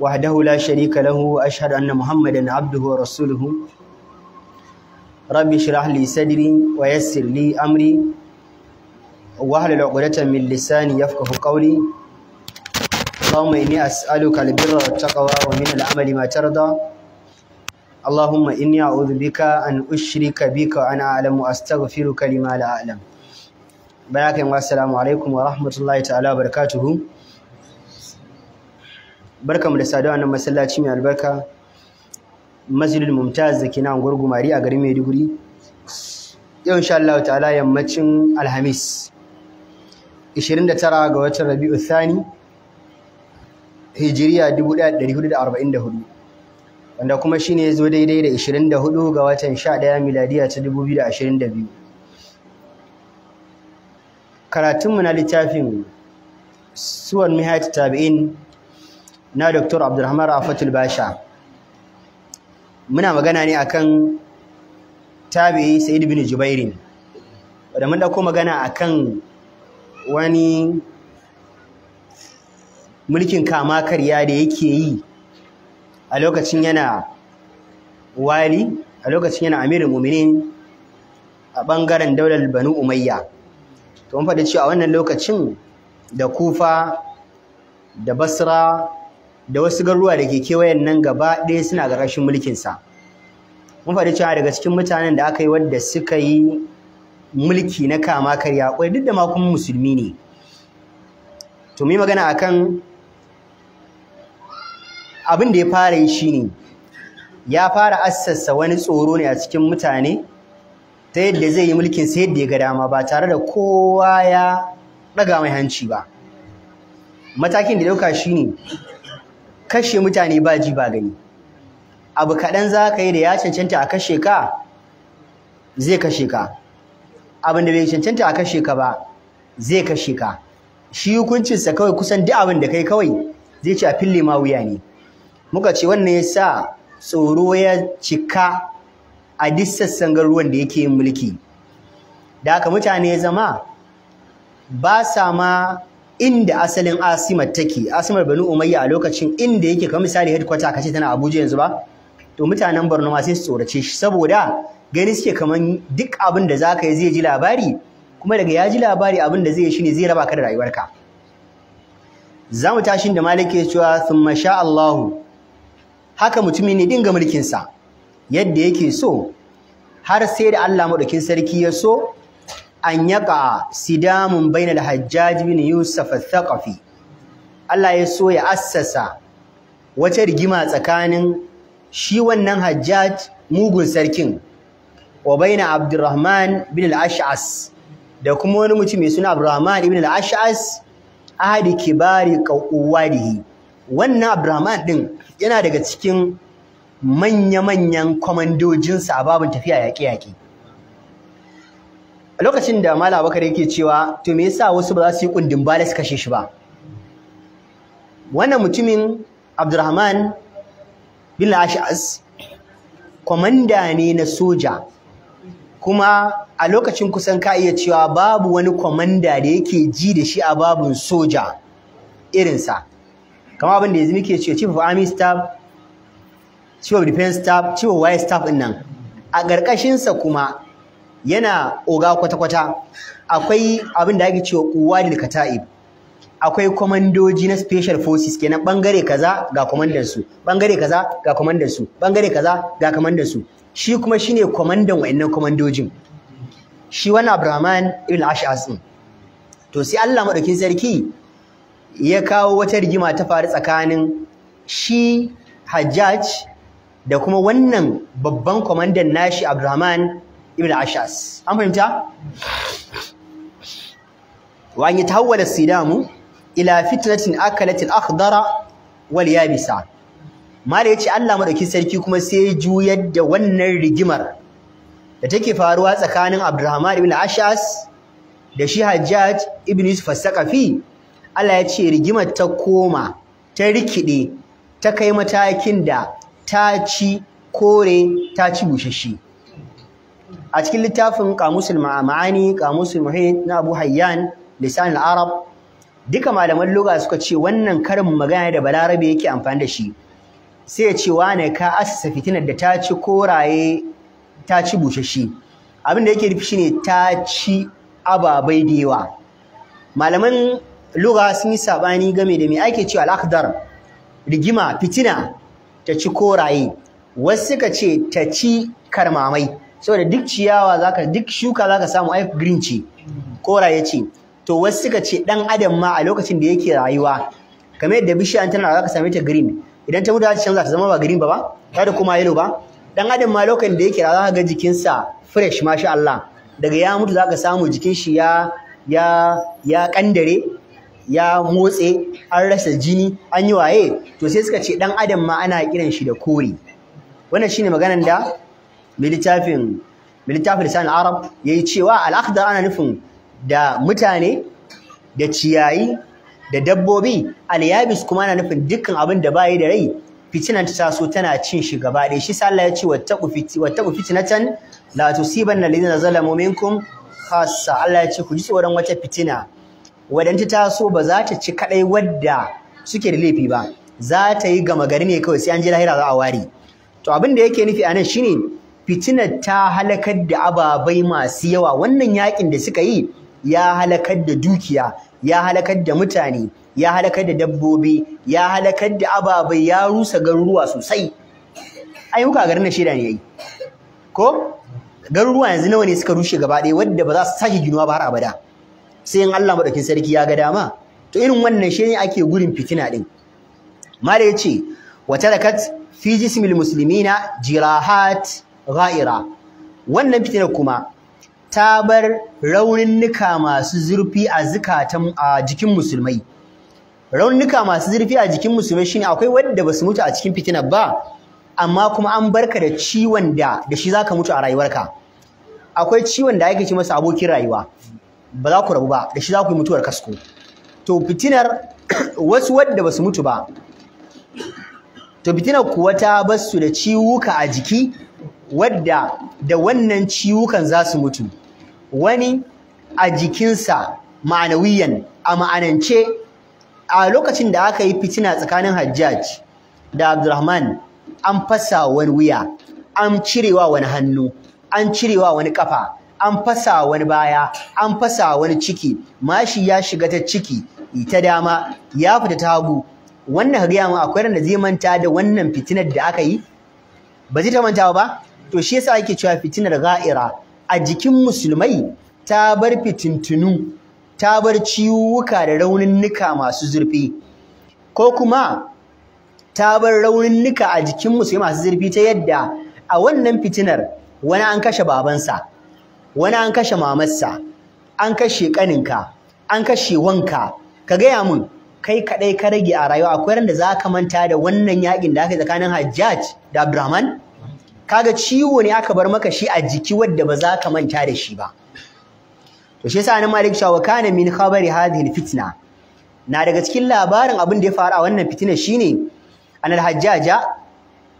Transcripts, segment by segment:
وحده لا شريك له وأشهد أن محمدا عبده ورسوله ربي اشرح لي صدري ويسر لي أمري واحلل عقدة من لساني يفقه قولي اللهم إني أسألك البر والتقوى ومن العمل ما ترضى اللهم إني أعوذ بك أن أشرك بك وأنا أعلم وأستغفرك لما لا أعلم بارك الله السلام عليكم ورحمة الله تعالى وبركاته mu da saduwa nan masallaci mai albarka masjidul mumtaz da ke nan gurgumari a garin maiduguri yau insha Allah ta'ala yammacin alhamis 29 ga watan rabi'u thani hijiriya 1444 wanda kuma shine ya zo daidai da 24 ga watan 11 miladiya ta 2022 karatunmu na littafin suwar mihaj tabi'in na Dr. Abdulrahman Rafatul Basha muna magana ne akan tabi'i Sa'id bin Jubair wanda mun dauko magana akan wani mulkin kama karya da yake yi a lokacin yana wali a lokacin yana amirin mu'minin a bangaren daular Banu Umayya to mun faɗi cewa a wannan lokacin da Kufa da Basra da wasu garuruwa da ke kewayen nan gaba ɗaya suna ƙarƙashin mulkinsa mun faɗi cewa daga cikin mutanen da aka yi wadda suka yi mulki na kama karya akwai duk da ma kuma musulmi ne to mu yi magana akan abin da ya fara yi shine ya fara assasa wani tsoro ne a cikin mutane ta yadda zai yi mulkin sa yadda ya ga dama ba tare da kowa ya ɗaga mai hanci ba matakin da ya ɗauka shine kashe mutane ba ji ba gani abu kaɗan za ka yi da ya cancanta a kashe ka zai kashe ka abin da bai cancanta a kashe ka ba zai kashe ka shi hukuncinsa kawai kusan duk abin da kai kawai zai ci a fille ma wuya ne muka ce wannan ya sa tsoro ya cika a duk sassan garuruwan da yake yin mulki da haka mutane ya zama ba sa ma inda asalin asimar take asimar banu umayya a lokacin inda yake kamar misali headquarter kace tana abuja yanzu ba to mutanen borno ma sai su tsorace shi saboda gani suke kaman duk abin da zaka yi zai ji labari kuma daga ya ji labari abin da zai yi shine zai raba ka da rayuwarka za mu tashin da maliki cewa thumma sha Allahu haka mutumin ne dinga mulkin sa, yadda yake so har sai da Allah madaukin sarki ya so an yaka sidamun baina da hajjaji bin yusuf al-thaqafi Allah ya so ya assasa wata rigima tsakanin shi wannan hajjaj mugun sarkin wa baina abdurrahman bin al-ash'as da kuma wani mutum mai suna abdurrahman ibn al-ash'as ahadi kibari qawwadihi wannan abdurrahman din yana daga cikin manya-manyan kwamandojinsa a babin tafiya yaƙe-yaƙe a lokacin da Malam Abubakar yake cewa to me yasa wasu ba za su yi kundin bala su kashe shi ba wannan mutumin Abdurrahman bin Ash'as komanda ne na soja kuma a lokacin kusan ka iya cewa babu wani kwamanda da yake ji da shi a babun soja irinsa kama abin da yanzu muke cewa chief of army staff chief of defense staff chief of wire staff nan a ƙarƙashinsa kuma yana oga kwata-kwata akwai abin da ake cewa kuwadil kata'ib akwai kwamandoji na special forces kenan bangare kaza ga komandan su bangare kaza ga komandan su bangare kaza ga komandan su shi kuma shine kwamandan wayannan kwamandojin shi wani abrahman ibn Ash'as din to sai Allah madaukin sarki ya kawo wata rigima ta faru tsakanin shi Hajjaj da kuma wannan babban kwamandan nashi abrahman ibn ashas an fahimta wa an yatahawwala sidamu ila fitnatin akalatil al-akhdara wal yabisa mala yace Allah madauki sarki kuma sai juyar da wannan rigimar da take faruwa tsakanin Abdurrahman ibn Ashas da shi Hajjaj ibn Yusuf Saqafi Allah yace rigimar ta koma ta rikide ta kai matakin da ta ci kore ta ci bushashi a cikin littafin kamusul ma'ani kamusul muhit na Abu Hayyan lisan al-Arab duka malaman lugha suka ce wannan karin magana da Balarabe yake amfani da shi sai ya ce wane ka asasa fitinar da ta ci koraye ta ci bushashi abin da yake nufi shine ta ci ababai da yawa malaman lugha sun yi sabani game da me ake cewa al-akhdar rigima fitina ta ci koraye wasu suka ce ta ci karmamai saboda duk ciyawa zaka duk shuka zaka samu ai green ce koraye ce to wasu suka ce dan adam ma a lokacin da yake rayuwa kamar yadda bishiya tana zaka same ta green idan ta mutu za ta canza ta zama ba green ba ba ta da kuma yellow ba dan adam ma lokacin da yake rayuwa ga jikinsa fresh masha Allah daga ya mutu zaka samu jikin shi ya ya ya kandare ya motse an rasa jini an yi waye to sai suka ce dan adam ma ana kiran shi da kore wannan shine maganar da militafin militafin lisan arab yi cewa al ana nufin da mutane da ciyayi da dabbobi alyabis kuma ana nufin dukkan abin da bayi da rai fitinan ta taso tana cin shi gaba ɗaya shi sa ya ce wattaqu fiti wattaqu fitnatan siban na alladhina zala minkum khassa Allah ya ce ku ji tsoron wata fitina ta taso ba za ta ci kadai wadda suke da laifi ba za ta yi gama gari ne kawai sai an ji lahira za a ware to abin da yake nufi a nan shine fitinar ta halakar da ababai masu yawa wannan yakin da suka yi ya halakar da dukiya ya halakar da mutane ya halakar da dabbobi ya halakar da ababai ya rusa garuruwa sosai Ai kuka garin na shida ne yayi ko garuruwa yanzu nawa ne suka rushe gaba ɗaya wadda ba za su sake ginuwa ba har abada sai in Allah madaukin sarki ya ga dama to irin wannan shi ne ake gurin fitina din mala yace wa tarakat fi jismil muslimina jirahat gha'ira wannan fitinar kuma ta bar rauninnuka masu zurfi a zukatan a jikin musulmai rauninnuka masu zurfi a jikin musulmai shine akwai wanda basu mutu a cikin fitinar ba amma kuma an barka da ciwon da da shi zaka mutu a rayuwarka akwai ciwon da ake ci masa abokin rayuwa ba za ku rabu ba da shi za ku yi mutuwar kasko to fitinar wasu wanda basu mutu ba to fitinar kuwa ta basu da ciwuka a jiki wadda da wannan ciwukan za su mutu wani a jikinsa ma'anawiyan a ma'anance a lokacin da aka yi fitina tsakanin hajjaj da abdulrahman an fasa wani wuya an cirewa wani hannu an cirewa wani kafa an fasa wani baya an fasa wani ciki mashi ya shiga ta ciki ta dama ya fita ta hagu wannan ka mu akwai ran da zai manta da wannan fitinar da aka yi ba zai ta manta ba to shi yasa ake cewa fitinar ga'ira a jikin musulmai ta bar fitintunu ta bar ciwuka da rauninnika masu zurfi ko kuma ta bar rauninnika a jikin musulmai masu zurfi ta yadda a wannan fitinar wani an kashe babansa wani an kashe mamarsa an kashe kaninka an kashe wanka ka gaya mun kai kaɗai ka rage a rayuwa akwai wanda za ka manta da wannan yakin da aka yi tsakanin Hajjaj da Abdurrahman kaga ciwo ne aka bar maka shi a jiki wadda ba za ka manta da shi ba to shi yasa nan malik cewa kana min khabari hadhihi alfitna na daga cikin labarin abin da ya faru a wannan fitina shine anal Hajjaj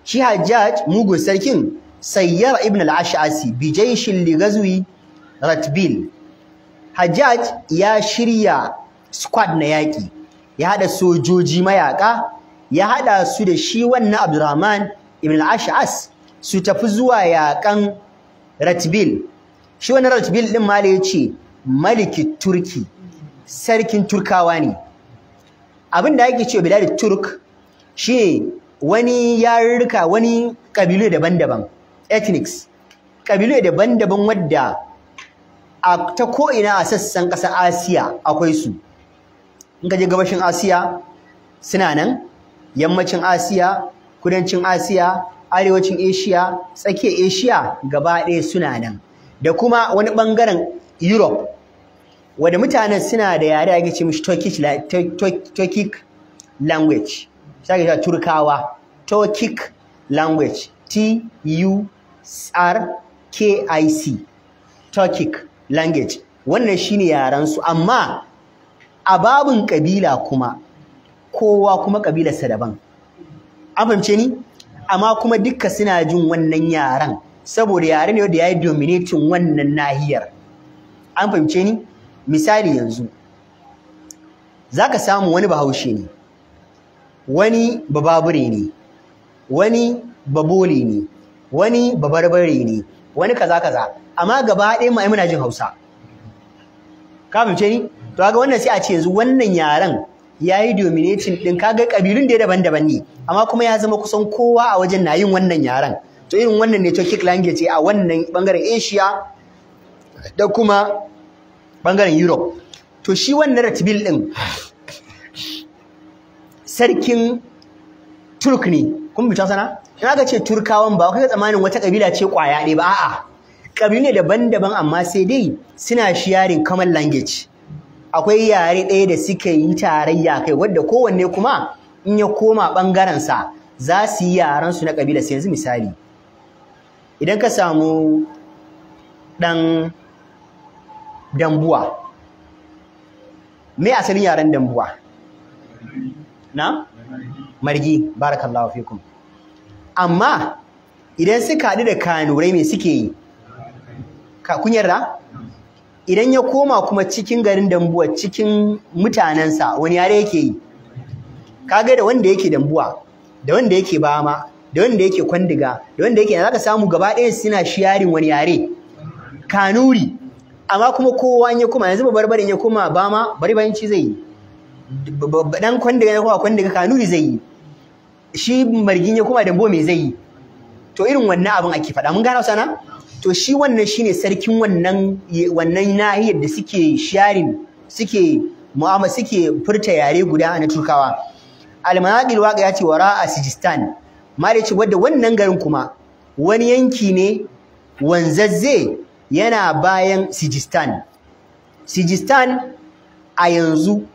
shi hajjaj mugun sarkin sayyar ibn al-ash'asi bi jayshin li ghazwi ratbil hajjaj ya shirya squad na yaki ya hada sojoji mayaka ya hada su da shi wannan abdurrahman ibn al-ash'as su tafi zuwa yaƙan Ratbil shi wani Ratbil din mala yace maliki turki sarkin turkawa ne abin da ake cewa bilal turk shi wani yarurruka wani kabilu daban-daban ethnics kabilu daban-daban wadda a ta ko'ina a sassan ƙasar asiya akwai su in ka je gabashin asiya suna nan yammacin asiya kudancin asiya arewacin Asia, tsakiyar Asia gaba ɗaya suna nan. Da kuma wani ɓangaren Europe, wadda mutanen suna da yare a gace mishi Turkic language, sai ake Turkawa, Turkic language, T-U-R-K-I-C, Turkic language. Wannan shi shine yarensu, amma a babin ƙabila kuma, kowa kuma ƙabilarsa daban. An fahimce ni? amma kuma dukka suna jin wannan yaran, saboda yare ne wanda ya yi dominating wannan nahiyar an fahimce ni misali yanzu za ka samu wani bahaushe ne wani bababure ne wani babole ne wani babarbare ne wani kaza kaza amma gaba ɗaya ma'aimuna jin hausa ka fahimce ni to ga wannan sai a ce yanzu wannan yaren ya yi dominatin ɗin kaga ƙabilun da ya daban-daban ne amma kuma ya zama kusan kowa a wajen na yin wannan yaren to irin wannan ne Turkic language a wannan bangaren Asia da kuma bangaren Europe to shi wannan Ratbil ɗin sarkin Turk ne kun bi sana in aka ce Turkawan ba kai tsamanin wata ƙabila ce ƙwaya ne ba a'a ƙabilu ne daban-daban amma sai dai suna sharing common language akwai yare ɗaya da suke yi tarayya kai wadda kowanne kuma in ya koma ɓangarensa za su yi yarensu na ƙabila sai yanzu misali idan ka samu ɗan dambuwa me asalin yaren dambuwa na margi barakallahu fikum amma idan suka haɗu da kanurai me suke yi ka kun yarda idan ya koma kuma cikin garin dambuwa cikin mutanensa wani yare yake yi kaga da wanda yake dambuwa da wanda yake bama da wanda yake kwandiga da wanda yake zaka samu gaba ɗaya suna shiyarin wani yare kanuri amma kuma kowa ya koma yanzu barbarin ya koma bama barbanci zai yi dan kwandiga ya koma kwandiga kanuri zai yi shi margin ya koma dambuwa me zai yi to irin wannan abin ake faɗa mun gane sana to shi wannan shine sarkin wannan wannan nahiyar da suke sharing suke mu'amala suke furta yare guda na Turkawa almanaqil waqa ya ce wara a Sijistan mare ce wanda wannan garin kuma wani yanki ne wanzazze yana bayan Sijistan Sijistan a yanzu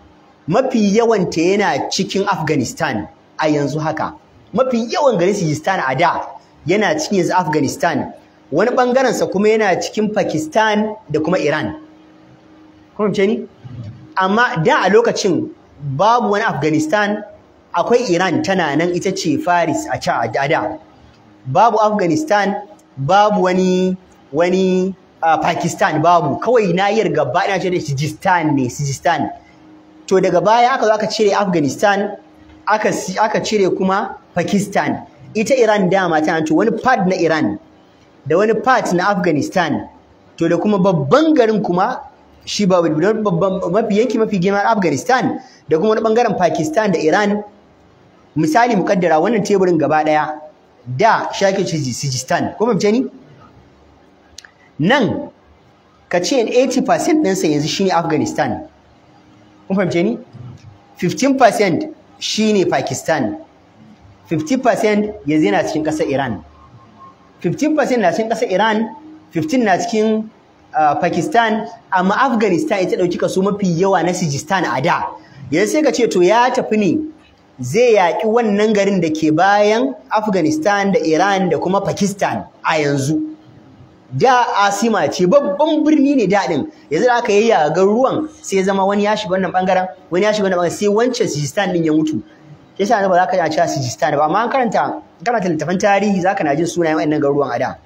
mafi yawanta yana cikin Afghanistan a yanzu haka mafi yawan garin Sijistan a da yana cikin yanzu Afghanistan wani bangaren sa kuma yana cikin Pakistan da kuma Iran kun ce ni amma da a lokacin babu wani Afghanistan akwai Iran tana nan ita ce Faris a ca da babu Afghanistan babu wani wani uh, Pakistan babu kawai nahiyar gaba ina ce da Sijistan ne Sijistan to daga baya aka zo aka cire Afghanistan aka aka cire kuma Pakistan ita Iran dama tana wani part na Iran da wani part na Afghanistan to da kuma babban garin kuma shi ba babban mafi yanki mafi girman Afghanistan da kuma wani bangaren Pakistan da Iran misali mu kaddara wannan teburin gaba daya da shake Sijistan ko mace ni nan ka ce 80% ɗinsa yanzu shine Afghanistan ko fahimce ni 15% shine Pakistan 50% yanzu yana cikin ƙasar Iran 15% na cikin ƙasar Iran 15 na cikin ah, Pakistan amma Afghanistan ita ɗauki kaso mafi yawa na Sijistan a da yanzu sai ka ce to ya tafi ne zai yaƙi wannan garin da ke bayan Afghanistan da Iran da kuma Pakistan a yanzu da Asima ce babban birni ne daɗin yanzu da aka yayyaga ruwan sai zama wani ya shiga wannan ɓangaren, wani ya shiga wannan ɓangaren. sai wancan Sijistan ɗin ya mutu yasa yasa ba za ka cewa Sijistan ba amma an karanta karanta littafin tarihi za ka na jin sunayen wa'annan garuruwan a da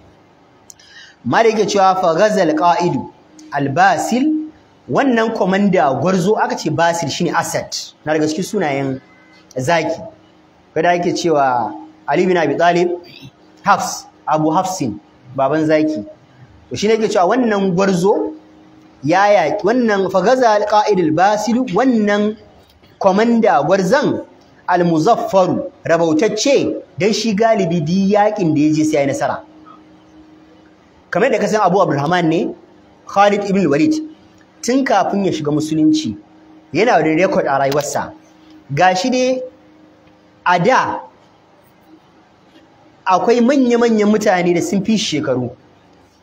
ma da yake cewa fa ghazal qa'idu al-basil wannan komanda gwarzo aka ce basil shine asad na daga cikin sunayen zaki kada yake cewa ali bin abi talib hafs abu hafsin baban zaki to shine yake cewa wannan gwarzo ya yaki wannan fa ghazal qa'idul basil wannan komanda gwarzan almuzaffaru rabautacce dan shi galibi di yakin da yaje sai ya nasara kamar da kasan Abu Abdurrahman ne Khalid ibn Walid tun kafin ya shiga musulunci yana da record a rayuwarsa gashi dai a da akwai manya-manyan mutane da sun fi shekaru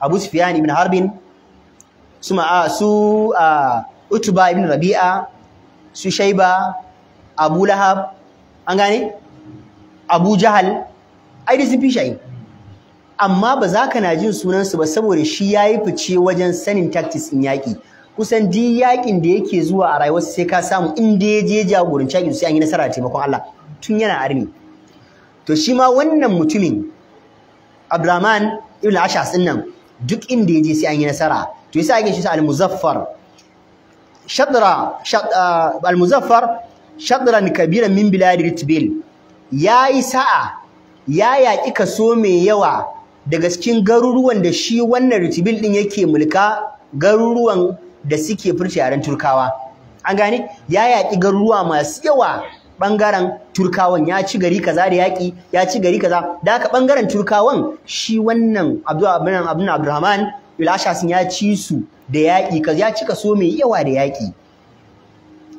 Abu Sufyan ibn Harbin su a su Utba ibn Rabi'a su Shaiba Abu Lahab an gane abu jahal ai sun fi shi amma ba za ka na jin sunansu ba saboda shi ya yi fice wajen sanin tactics in yaƙi kusan duk yaƙin da yake zuwa a rayuwarsa sai ka samu in da ya je jagoranci yaƙin sai an yi nasara da taimakon Allah tun yana arni to shi ma wannan mutumin Abdurrahman ibn Ashas din nan duk inda ya je sai an yi nasara to yasa ake shi al-Muzaffar shadra ah, al-Muzaffar shadran kabira min biladil tibil yayi sa'a ya yaki kaso mai yawa daga cikin garuruwan da shi wannan ritibil din yake mulka garuruwan da suke furci yaren turkawa an gane ya yaki garuruwa masu yawa bangaren turkawan ya ci gari kaza da yaki ya ci gari kaza da haka bangaren turkawan shi wannan abrahman ilasha sun ya ci su da yaki kaza ya ci kaso mai yawa da yaki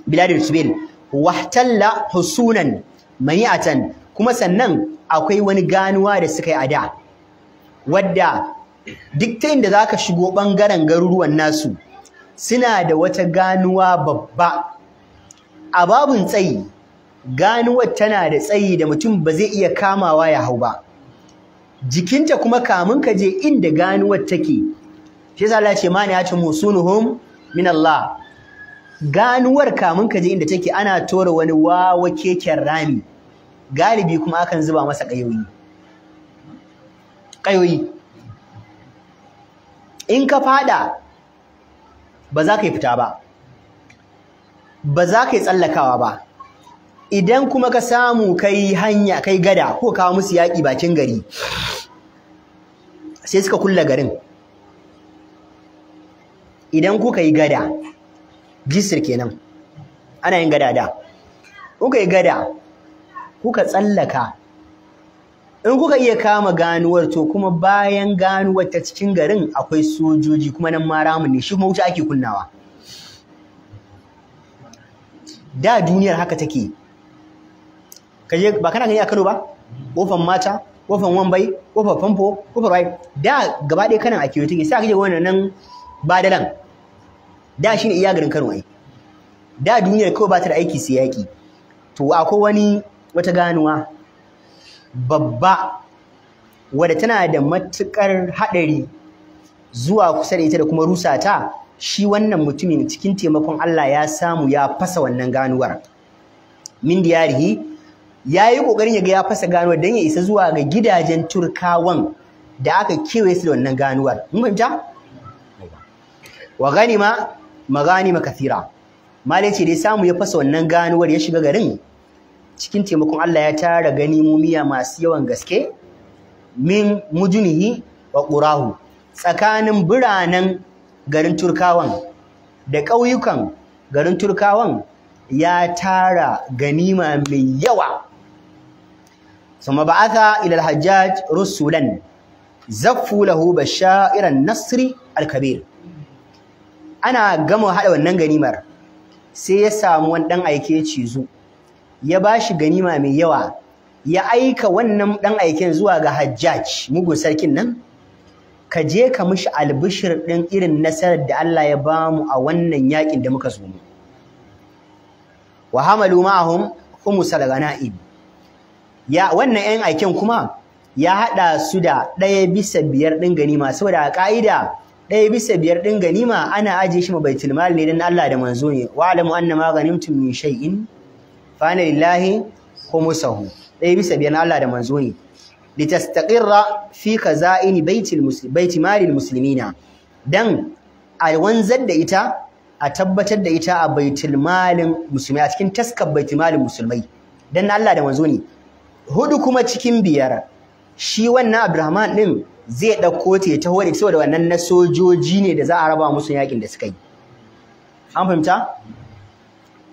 biladil tibil wahtalla husunan mani'atan kuma sannan akwai wani ganuwa da suka yi a da wadda duk ta inda zaka shigo bangaren garuruwan nasu suna da wata ganuwa babba a babun tsayi ganuwar tana da tsayi da mutum ba zai iya kamawa ya hau ba jikinta kuma kamun ka je inda ganuwar take shi yasa Allah ya ce mani'atun musunuhum min Allah ganuwar kamun ka je inda take ana tora wani wawa keken rami galibi kuma akan zuba masa ƙayoyi kayoyi in ka fada ba za ka yi fita ba ba za ka yi tsallakawa ba idan kuma ka samu kai hanya kai gada ko kawo musu yaƙi bakin gari sai suka kulla garin idan kuka yi gada Jisir kenan ana yin gada da kuka yi gada kuka tsallaka in kuka iya kama ganuwar to kuma bayan ganuwar ta cikin garin akwai sojoji kuma nan ma ramin ne shi kuma wuce ake kunnawa da duniyar haka take kaje ba kana gani a Kano ba kofan mata kofan wambai kofar famfo kofar wai da gaba ɗaya kanan a kiyotin sai aka je wannan nan badalan da shi ne iya garin Kano ai da duniyar kawai ba ta da aiki sai yaki to akwai wani wata ganuwa babba wadda tana da matuƙar haɗari zuwa kusa da ita da kuma rusa ta shi wannan mutumin cikin taimakon Allah ya samu ya fasa wannan ganuwar min diyarihi ya yi kokarin ya ga ya fasa ganuwar dan ya isa zuwa ga gidajen turkawan da aka kewaye su da wannan ganuwar mun fahimta wa ganima maganima kathira mali yace dai samu ya fasa wannan ganuwar ya shiga garin cikin taimakon Allah ya tara ganimomiya masu yawan gaske min mujunihi wa qurahu tsakanin biranen garin Turkawan da ƙauyukan garin Turkawan ya tara ganima mai yawa ثم بعث إلى الحجاج رسولا زفوا له بشائر النصر الكبير ana gama haɗa wannan ganimar sai ya samu wani ɗan aike cizo ya ba shi ganima mai yawa ya aika wannan ɗan aiken zuwa ga hajjaj mugun sarkin nan ka je ka mishi albishir ɗin irin nasarar da Allah ya ba mu a wannan yaƙin da muka zo mu wa hamalu salgana ya wannan 'yan aiken kuma ya haɗa su da ɗaya bisa biyar ɗin ganima saboda a ƙa'ida ɗaya bisa biyar ɗin ganima ana ajiye shi ma baitul mal ne dan Allah da manzo ne wa alamu anna ma ghanimtum min shay'in fa anna lillahi khumsahu ɗaya bisa biyar na Allah da manzo ne litastaqirra fi kaza'ini baitil muslim baiti malil muslimina dan a wanzar da ita a tabbatar da ita a baitul malin musulmi a cikin taskar baitul malin musulmai dan Allah da manzo ne hudu kuma cikin biyar shi wannan Abraham din zai ɗauko ta ya taho da saboda wannan na sojoji ne da za a raba musu yakin da suka yi an fahimta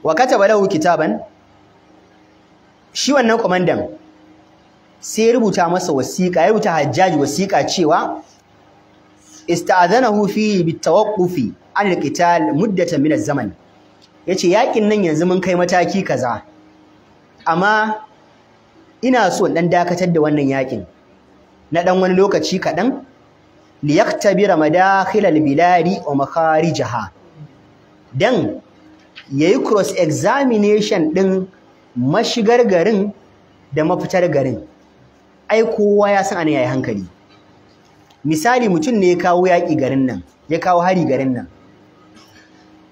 wa kataba lahu kitaban shi wannan kwamandan sai ya rubuta masa wasiƙa ya rubuta hajjaji wasiƙa cewa ista'adhanahu fi bitawaqqufi an alqital muddatan min zaman yace yakin nan yanzu mun kai mataki kaza amma ina so dan dakatar da wannan yakin na ɗan wani lokaci kaɗan liyaktabira madakhilal bilari wa makharijaha dan yayi cross examination ɗin mashigar garin da mafitar garin ai kowa ya san ana yayi hankali misali mutum ne ya kawo yaƙi garin nan ya kawo hari garin nan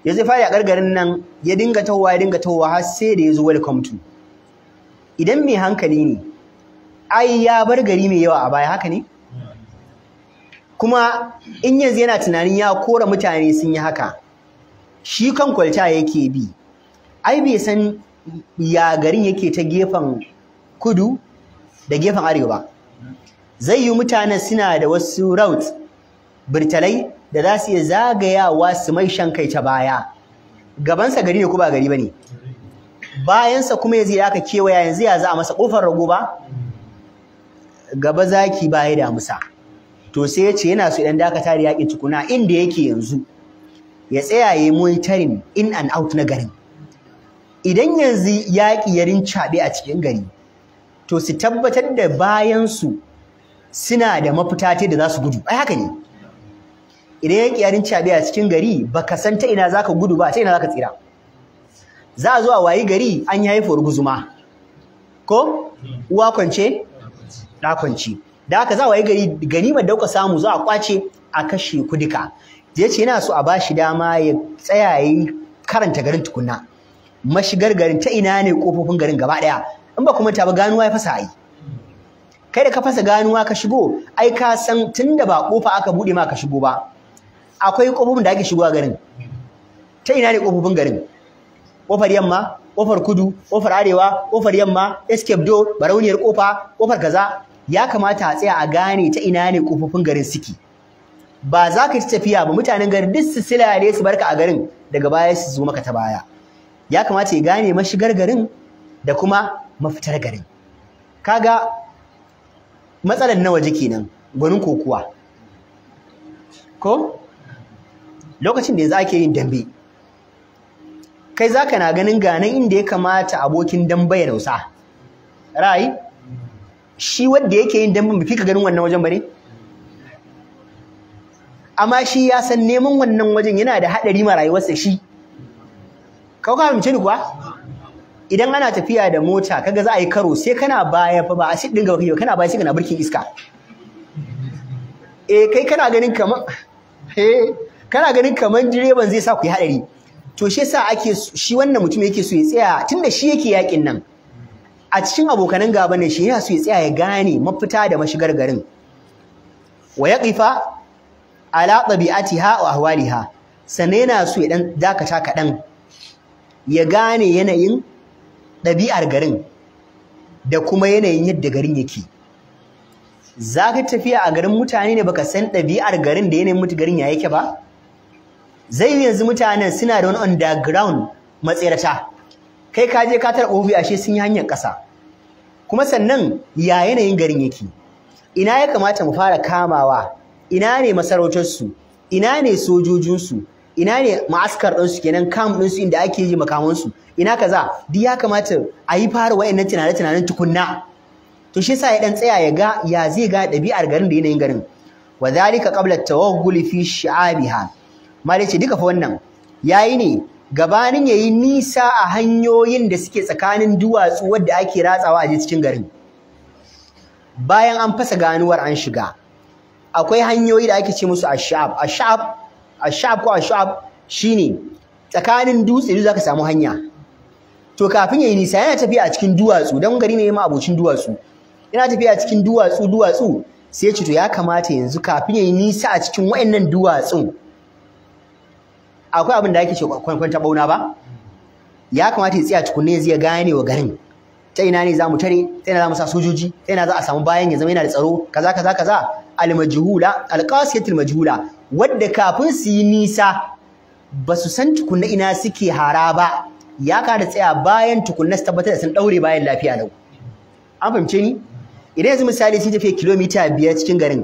ya zai fara yaƙar garin nan ya dinga tahowa ya dinga tahowa har sai da ya zo welcome to idan mai hankali ne ai ya bar gari mai yawa a baya haka ne kuma in yanzu yana tunanin ya kora mutane sun yi haka shi kan kwalta yake bi ai bai san ya garin yake ta gefen kudu da gefen arewa zai yi mutanen suna da wasu raut, birtalai da za su iya zagayawa su mai shan kai ta baya gabansa gari ne ko ba gari ba ne bayansa kuma ya zai aka kewaya yanzu ya za a masa kofar rago ba gaba zaki ba ya damusa to sai ya ce yana so idan dakata da yakin tukuna inda yake yanzu ya tsayaye ya monitoring in and out na garin idan yanzu yaki ya rincaɓe a cikin gari to su tabbatar da bayansu suna da mafita da za su gudu ai haka ne idan yaki ya rincaɓe a cikin gari baka san ta ina za gudu ba ta ina za tsira za a zo a wayi gari an yayi guzuma ko uwa kwance ɗakwanci da haka za a gari ganimar da kuka samu za a kwace a kashe ku duka ya ce yana so a bashi dama ya tsaya yi karanta garin tukunna mashigar garin ta ina ne kofofin garin gaba daya in ba kuma ta ba ganuwa ya fasa yi kai da ka fasa ganuwa ka shigo ai ka san tunda ba kofa aka bude ma ka shigo ba akwai kofofin da ake shigowa garin ta ina ne kofofin garin kofar yamma kofar kudu kofar arewa kofar yamma escape door barauniyar kofa kofar kaza ya kamata a tsaya a gane ta ina ne kofofin garin suke ba za ka ci tafiya ba mutanen garin duk su silale su barka a garin daga baya su zo maka ta baya ya kamata ya gane mashigar garin da kuma mafitar garin kaga matsalar na waje kenan gwanin kokuwa ko lokacin da yanzu ake yin dambe kai za ka na ganin ganin inda ya kamata abokin dambe ya dausa rai shi wanda yake yin damben bai fika ganin wannan wajen ba ne? amma shi ya san neman wannan wajen yana da haɗari ma rayuwarsa shi kau ka fahimce ni kuwa idan ana tafiya da mota kaga za a yi karo sai kana baya fa ba a shiɗin ga ba kana baya sai kana birkin iska eh kai kana ganin kaman eh kana ganin kaman direban zai sa ku yi haɗari to shi yasa ake shi wannan mutum yake so ya tsaya tunda shi yake yakin nan a cikin abokanan gaba ne shi yana so ya tsaya ya gane mafita da mashigar garin wa ya yaqifa ala tabi'atiha wa ahwaliha sannan yana so ya dan dakata kaɗan ya gane yanayin ɗabi'ar garin da kuma yanayin yadda garin yake za ka tafiya a garin mutane ne baka san ɗabi'ar garin da yanayin mutu garin ya yake ba zai yanzu mutanen suna da wani underground matsirata kai ka je ka tara obi ashe sun yi hanyar ƙasa kuma sannan ya yanayin garin yake ina ya kamata mu fara kamawa ina ne masarautarsu ina ne sojojinsu ina ne ma'askar ɗinsu kenan kam ɗinsu inda ake yi makamansu ina kaza duk ya kamata a yi fara wa'annan tunanin tunanen tukunna to shi yasa ya dan tsaya ya ga ya zai ga ɗabi'ar garin da yanayin garin wa zalika qabla tawaghuli fi shi'abiha mala ce duka fa wannan yayi ne gabanin ya yi nisa a hanyoyin da suke tsakanin duwatsu wadda ake ratsawa a je cikin garin bayan an fasa ganuwar an shiga akwai hanyoyi da ake ce musu a sha'ab a sha'ab ko shi shine tsakanin dutse za zaka samu hanya to kafin yayi nisa yana tafiya a cikin duwatsu dan gari ne ma abocin duwatsu yana tafiya a cikin duwatsu duwatsu sai ya ce to ya kamata yanzu kafin yayi nisa a cikin waɗannan duwatsun akwai abin da ake ce ta bauna ba ya kamata ya tsaya tukunne zai gane wa garin ta ina ne zamu tare ta ina zamu sa sojoji ta ina za a samu bayan ya zama yana da tsaro kaza kaza kaza almajhula alqasiyatul majhula wadda kafin su yi nisa ba su san tukunna ina suke hara ba ya kada tsaya bayan tukunne su tabbatar da sun daure bayan lafiya lau an fahimce ni idan yanzu misali sun tafiya kilomita biyar cikin garin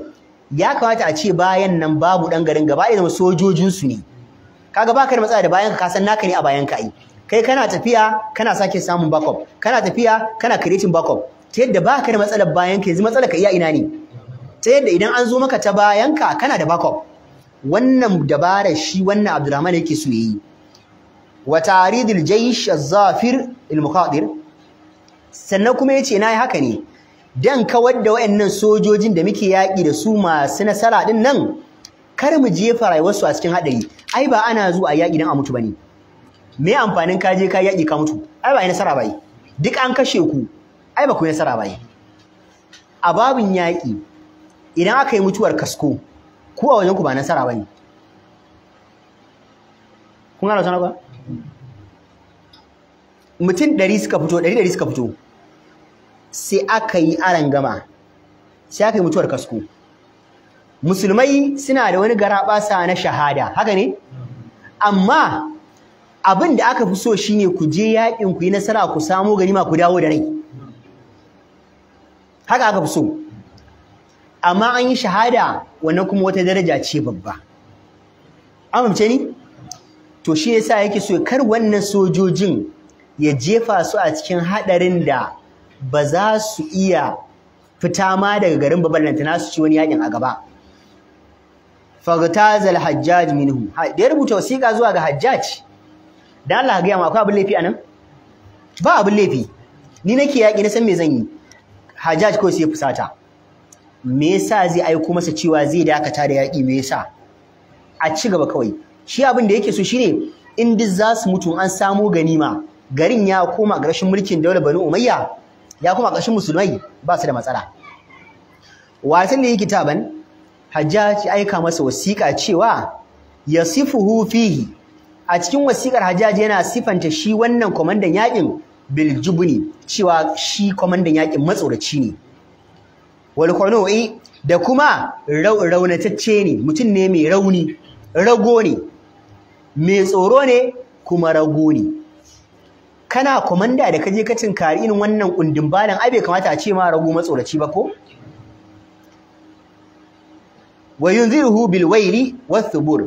ya kamata a ce bayan nan babu dan garin gaba ɗaya zama sojojinsu ne kaga baka da matsala da bayan ka san naka ne a bayan ka kai kana tafiya kana sake samun backup kana tafiya kana creating backup ta yadda baka da matsalar bayan ka yanzu matsalar ka iya ina ne ta yadda idan an zo maka ta bayan ka kana da backup wannan dabarar shi wannan Abdulrahman yake so yayi wa taridil jaysh az-zafir al-muqadir sannan kuma yace nayi haka ne dan kawar da wayannan sojojin da muke yaki da su masu nasara din nan kar mu jefa rayuwarsu a cikin haɗari ai ba ana zuwa yaƙi don a mutu bane me amfanin ka je ka yaƙi ka mutu ai ba nasara ba duk an kashe ku ai ba ku nasara ba a babin yaƙi idan aka yi mutuwar kasko ku a ku ba nasara ba ne kun gano sana ba mutum ɗari suka fito ɗari ɗari suka fito sai aka yi arangama sai aka yi mutuwar kasko musulmai suna da wani garaɓasa na shahada haka ne amma abin da aka fi so shine ku je yakin ku yi nasara ku samo ganima ku dawo da rai haka aka fi so amma an yi shahada wannan kuma wata daraja ce babba an fahimce ni to shi yasa yake so kar wannan sojojin ya jefa su a cikin hadarin da ba za su iya fita ma daga garin baballanta na su ci wani yakin a gaba fagtazal hajjaj minhu da ya rubuta wasiƙa zuwa ga hajjaj Da Allah ga yamma akwai abin laifi anan ba abin laifi ni nake yaƙi na san me zan yi hajjaj ko sai fusata me yasa zai aiko masa cewa zai dakata da yaƙi me yasa a ci gaba kawai shi abin da yake so shine in duk za su mutu an samo ganima garin ya koma ƙarshen mulkin daular bani umayya ya koma kashin musulmai ba su da matsala wasan da yake taban Hajjaj aika masa wasiƙa cewa yasifuhu fihi a cikin wasiƙar Hajjaj yana sifanta shi wannan kwamandan yaƙin biljubni cewa shi kwamandan yaƙin matsoraci ne wal da kuma raunatacce ne mutum ne mai rauni rago ne mai tsoro ne kuma rago ne kana kwamanda da kaje ka tinkari irin wannan kundin balan abe bai kamata a ce ma rago matsoraci ba ko wa yunziruhu bil waili wath thubur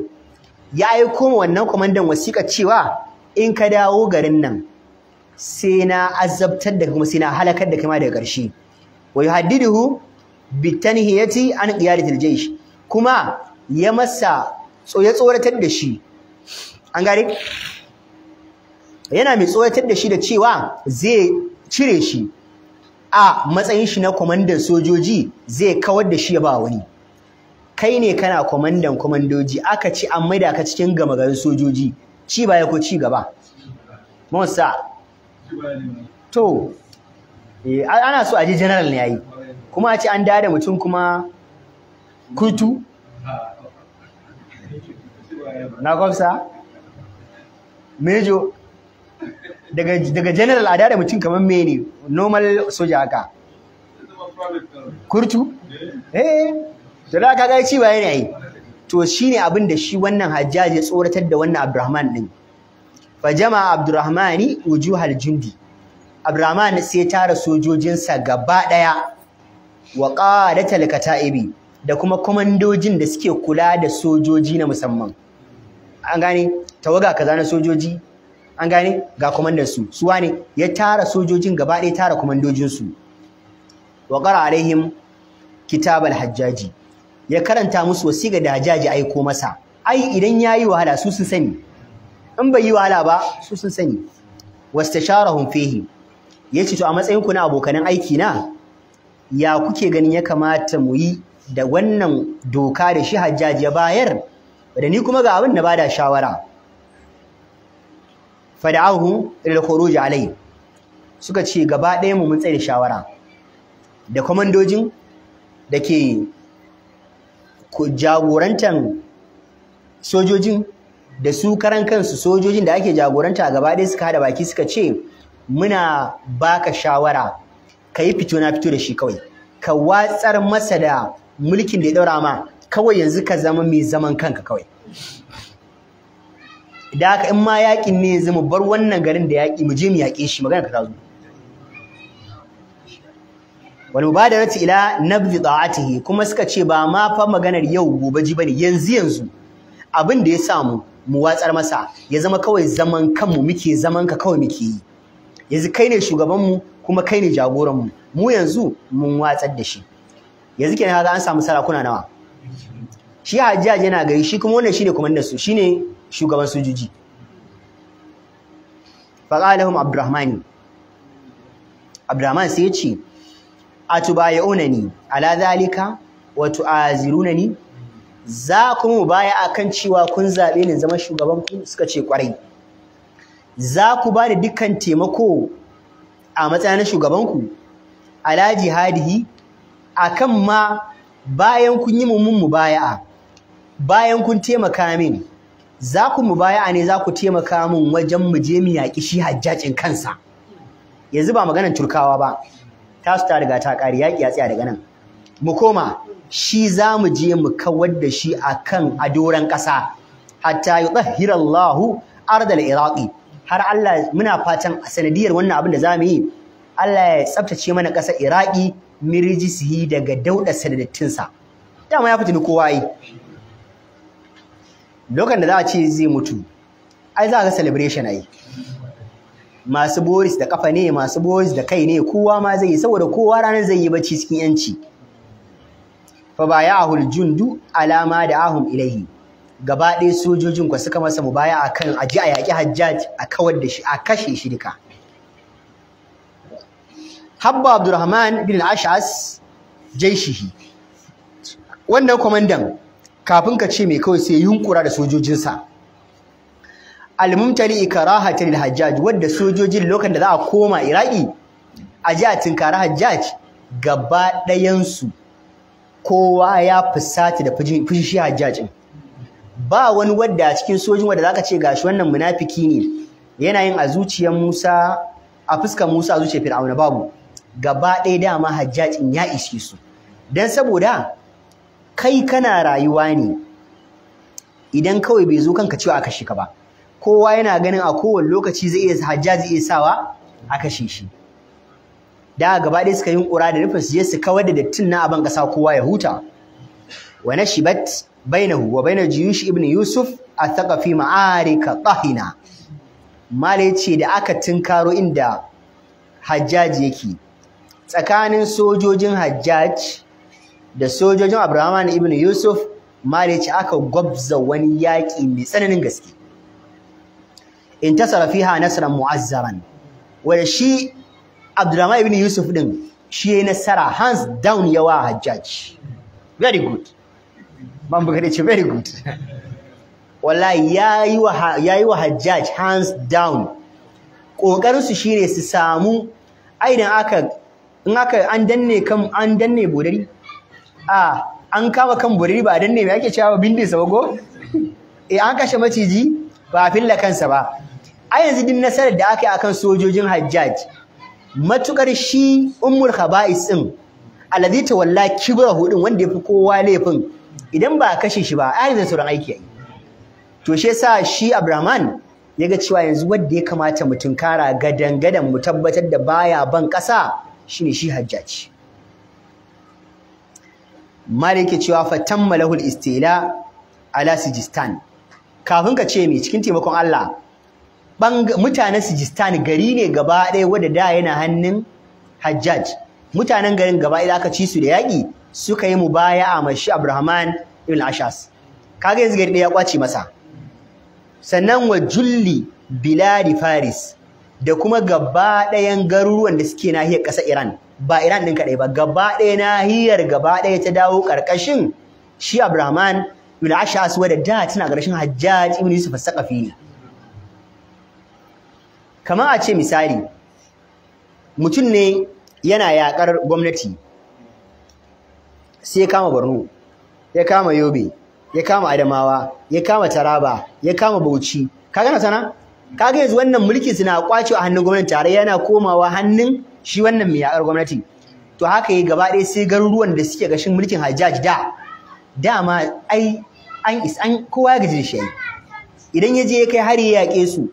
ya aiko wannan kwamandan wasiƙa cewa in ka dawo garin nan sai na azabtar da kuma sai na halakar da kama daga ƙarshe wa yuhaddiduhu bitanhiyati an qiyadatil jaysh kuma ya masa ya tsoratar da shi an gare yana mai tsoratar da shi da cewa zai cire shi a matsayin shi na kwamandan sojoji zai kawar da shi ya ba wani kai ne kana kwamandan kwamandoji aka ci an maida ka cikin gama garin sojoji ci baya ko ci gaba Musa to eh, ana so a ji general ne yayi kuma a ci an dada mutum kuma kutu na gwamsa mejo daga daga general a dada mutum kamar me ne normal soja haka kurtu eh, eh. to da kaga ci ba yana yi to shine abin da shi wannan hajjaji ya tsoratar da wannan Abdurrahman ɗin. fa jama'a Abdurrahmani wujuhal jundi Abdurrahman sai ya tara sojojinsa gaba daya wa qadatal kata'ibi da kuma komandojin da suke kula da sojoji na musamman an gane tawaga kaza na sojoji an gane ga komandan su su wane ya tara sojojin gaba ɗaya tara komandojin su wa qara alaihim kitabal hajjaji ya karanta musu ga da Hajjaji aiko masa ai idan yayi wahala su sun sani in bai yi wahala ba su sun sani wastasharahum fihi yace to a matsayin ku na abokanan aiki na ya kuke ganin ya kamata mu yi da wannan doka da shi Hajjaji ya bayar da ni kuma ga abin da bada shawara fad'ahu ila khuruj alai suka ce gaba ɗaya mu mun tsaye da shawara da komandojin da ke jagorantan sojojin da su karan kansu sojojin da ake jagoranta gaba ɗaya suka hada baki suka ce muna baka shawara ka yi fito na fito da shi kawai ka watsar masa da mulkin da ya ɗaura ma kawai yanzu ka zama mai zaman kanka kawai da haka in ma yaƙin ne yanzu mu bar wannan garin da yaƙi mu je mu yaƙe shi magana ka zo wal mubadarati ila nabdi ta'atihi kuma suka ce ba ma fa maganar yau gobe ji bane yanzu yanzu abin da ya samu mu watsar masa ya zama kawai zaman kanmu muke zaman ka kawai muke yi yanzu kai ne shugaban mu kuma kai ne jagoran mu mu yanzu mun watsar da shi yanzu kenan kaga an samu sarakuna nawa shi hajjaji yana gari shi kuma wannan shine komandan su shine shugaban sojoji faqalahum abdurrahmani abdurrahman sai ya ce atubayi'unani ala zalika wa tu'azirunani za ku mu baya akan cewa kun zabe ni zama shugaban ku suka ce kwarai za ku bani dukkan taimako a matsayin shugaban ku ala jihadihi akan ma bayan kun yi mun mubaya'a bayan kun taimaka min za ku mubaya'a ne za ku taimaka min wajen mu je mu yaƙi shi hajjajin kansa yanzu ba maganar turkawa ba tasu ta riga ta ƙari yaƙi ya tsaya daga nan mu koma shi za mu je mu kawar da shi a kan a doron ƙasa hatta yi tsahira Allahu ardal iraqi har Allah muna fatan a sanadiyar wannan abin da za mu yi Allah ya tsabtace mana ƙasar iraqi mirijisihi daga dauɗa sadadattinsa dama ya fitini kowa yi lokacin da za a ce zai mutu ai za a ga celebration ai masu boris da kafa ne masu boris da kai ne kowa ma zai yi saboda kowa ranar zai yi bacci cikin yanci fa ba ya ahul jundu alama da ahum ilaihi gaba ɗaya sojojin ku suka masa baya akan a ji a yaƙi hajjaj a kawar da shi a kashe shi duka habba abdurrahman bin ash'as jaishihi wannan kwamandan kafin ka ce mai kawai sai yunkura da sojojinsa almumtali karahatan hajjaj wanda sojojin lokacin da za a koma iraki a ji a tinkara hajjaj gaba ɗayansu kowa ya fusata da fushi hajjajin ba wani wadda a cikin sojin wanda zaka ce gashi wannan munafiki ne yana yin a zuciyar Musa a fuskar Musa a zuciyar Fir'auna babu gaba ɗaya dama hajjajin ya ishe su dan saboda kai kana rayuwa ne idan kawai bai zo kanka cewa aka shi ka ba kowa yana ganin a kowane lokaci zai iya hajjaji iya sawa a kashe shi da gaba ɗaya suka yi ƙura da nufin su je su kawar da dattin na aban ƙasa kowa ya huta wa nashibat bainahu wa baina jiyush ibn yusuf a athaqafi ma'arika tahina mala ce da aka tinkaro inda hajjaji yake tsakanin sojojin hajjaj da sojojin abrahaman ibn yusuf mala ce aka gwabza wani yaƙi mai tsananin gaske intasara fiha nasran mu'azzaran wanda shi Abdurrahman ibn Yusuf din shi yayi nasara hands down yawa Hajjaj very good ban bugare ce very good wallahi yayi wa yayi wa Hajjaj hands down kokarin su shine su samu aidan aka in aka an danne kan an danne bodari a an kama kan bodari ba a danne me ake cewa bindin sa ba go eh an kashe maciji ba a filla kansa ba a yanzu din nasarar da aka yi akan sojojin hajjaj matukar shi ummul khaba'is din alladhi walla kibra hudin wanda yafi kowa laifin idan ba a kashe shi ba a yanzu sauran aiki yayi to shi yasa shi Abraman yaga cewa yanzu wanda ya kamata mutun kara gadan gadan mu tabbatar da baya ban kasa shine shi hajjaj Malik yake cewa fa tammalahul istila ala sijistan kafin ka ce me cikin taimakon Allah mutanen Sijistan gari ne gaba ɗaya wadda da yana hannun Hajjaj mutanen garin gaba ɗaya aka ci su da yaƙi suka yi mubaya ma mashi Abrahaman ibn Ashas kaga yanzu gari ɗaya ya ƙwace masa sannan wa julli biladi Faris da kuma gaba ɗayan garuruwan da suke nahiyar ƙasar Iran ba Iran ɗin kaɗai ba gaba ɗaya nahiyar gaba ɗaya ta dawo ƙarƙashin shi Abrahaman ibn Ashas wadda da tana ƙarƙashin Hajjaj ibn Yusuf Sakafi ne kamar a ce misali mutum ne yana yakar gwamnati sai ya kama Borno ya kama Yobe ya kama Adamawa ya kama Taraba ya kama Bauchi kaga na sana kaga yanzu wannan mulkin suna kwace a hannun gwamnati tare yana komawa hannun shi wannan mai yakar gwamnati to haka yi gaba ɗaya sai garuruwan da suke gashin mulkin Hajjaj da dama ai an is an kowa ya gaji da shi idan ya je ya kai har ya yaƙe su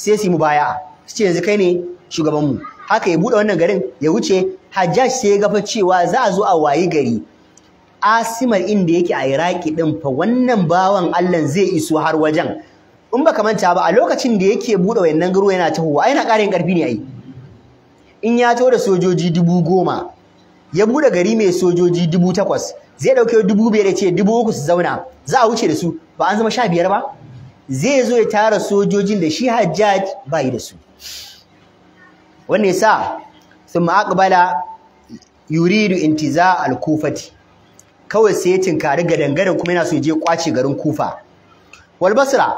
sai su yi baya. su ce yanzu kai ne Shugaban mu, haka ya buɗe wannan garin ya wuce hajjaj sai ya gafa cewa za a zo a wayi gari asimar inda yake a iraki ɗin fa wannan bawan allah zai iso har wajen in baka manta ba a lokacin da yake buɗe wayannan garo yana taho ai yana ƙarin ƙarfi ne ai in ya taho da sojoji dubu goma ya buɗe gari mai sojoji dubu takwas zai ɗauke dubu biyar ya ce dubu uku su zauna za a wuce da su ba an zama sha biyar ba zai zo ya tara sojojin da shi hajjaj ba yi da su wannan yasa sun aqbala yuridu intiza al-kufati kawai sai ya tinkari gadangadan kuma yana so ya je kwace garin kufa wal basra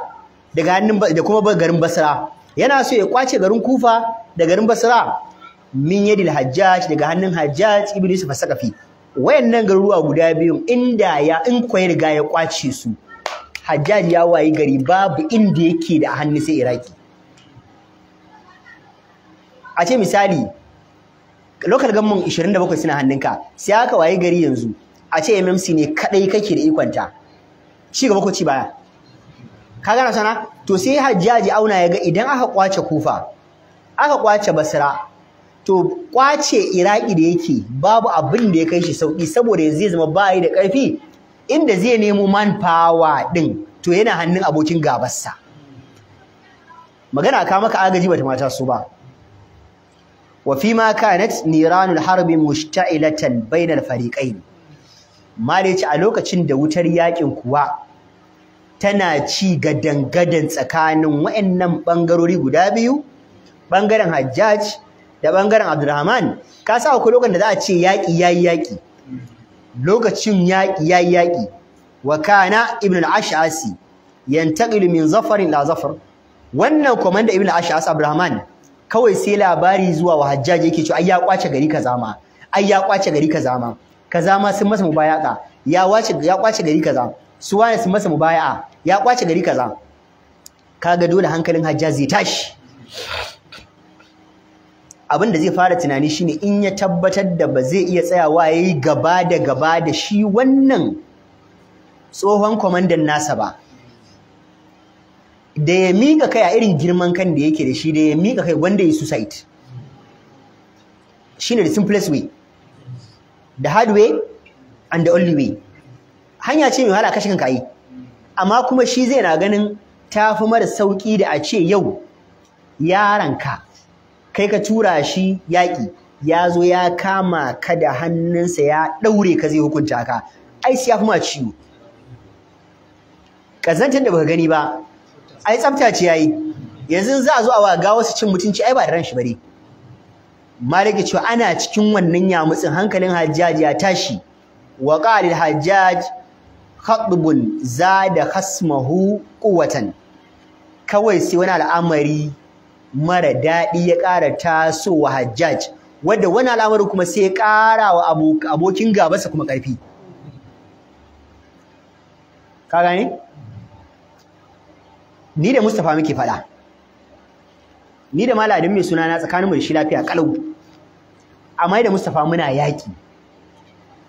daga hannun da kuma garin basra yana so ya kwace garin kufa da garin basra min hajjaj daga hannun hajjaj ibnu yusuf fasakafi wayannan garuruwa guda biyu inda ya in kwai riga ya kwace su Hajjaj ya wayi gari babu inda yake da hannu sai Iraki a ce misali local government 27 suna hannunka sai aka wayi gari yanzu a ce MMC ne kadai kake da ikonta ci gaba ko ci baya ka gana sana to sai Hajjaji auna ya ga idan aka kwace Kufa aka kwace Basra to kwace Iraki da yake babu abin da ya kai shi sauƙi saboda yanzu zai zama bayi da ƙarfi? inda zai nemo man manpower din to yana hannun abokin gabarsa magana ka maka agaji bata mata su ba wa fi ma kanat niranul harbi mushta'ilatan bainal fariqain ci a lokacin da wutar yakin kuwa tana ci gadon gadon tsakanin wayannan bangarori guda biyu bangaren Hajjaj da bangaren abdurrahman ka sa ku lokacin da za a ce yaki yayi yaki lokacin yaƙi ya yi yaƙi wa kana ibn al-ash'asi yantaqilu min zafarin la zafar wannan komanda ibn al-ash'as abrahman kawai sai labari zuwa wa hajjaji yake cewa ai ya kwace gari kazama, ai ya kwace gari kazama, kazama sun masa mubaya'a ya wace ya kwace gari kaza su sun masa mubaya'a ya kwace gari kaza kaga dole hankalin hajjaji tashi abin da zai fara tunani shine in ya tabbatar da ba zai iya tsayawa ya yi gaba da gaba da shi wannan tsohon kwamandan nasa ba da ya miƙa kai a irin girman kan da yake da shi da ya miƙa kai wanda ya suicide shine the simplest way the hard way and the only way hanya ce mai wahala kashe kanka yi amma kuma shi zai na ganin tafi mara sauki da a ce yau yaranka kai ka tura shi yaƙi ya zo ya kama ka da hannunsa ya ɗaure ka zai hukunta ka ai sai ya fi ma ciwo ƙazantar da baka gani ba ai tsafta ce ya yi. yanzu za a zo a ga wasu cin mutunci ai ba da ran shi bare maliki cewa ana cikin wannan yamutsin hankalin hajjaj ya tashi wa qalil hajjaj khatbun zada khasmahu quwwatan kawai sai wani al'amari mara daɗi ya ƙara tasowa Hajjaj wadda wani al'amarin kuma sai ya ƙara wa abokin gabasa kuma ƙarfi ka gane ni da Mustapha muke faɗa ni da malamin mai sunana tsakaninmu da shi lafiya ƙalau. amma da Mustapha muna yaƙi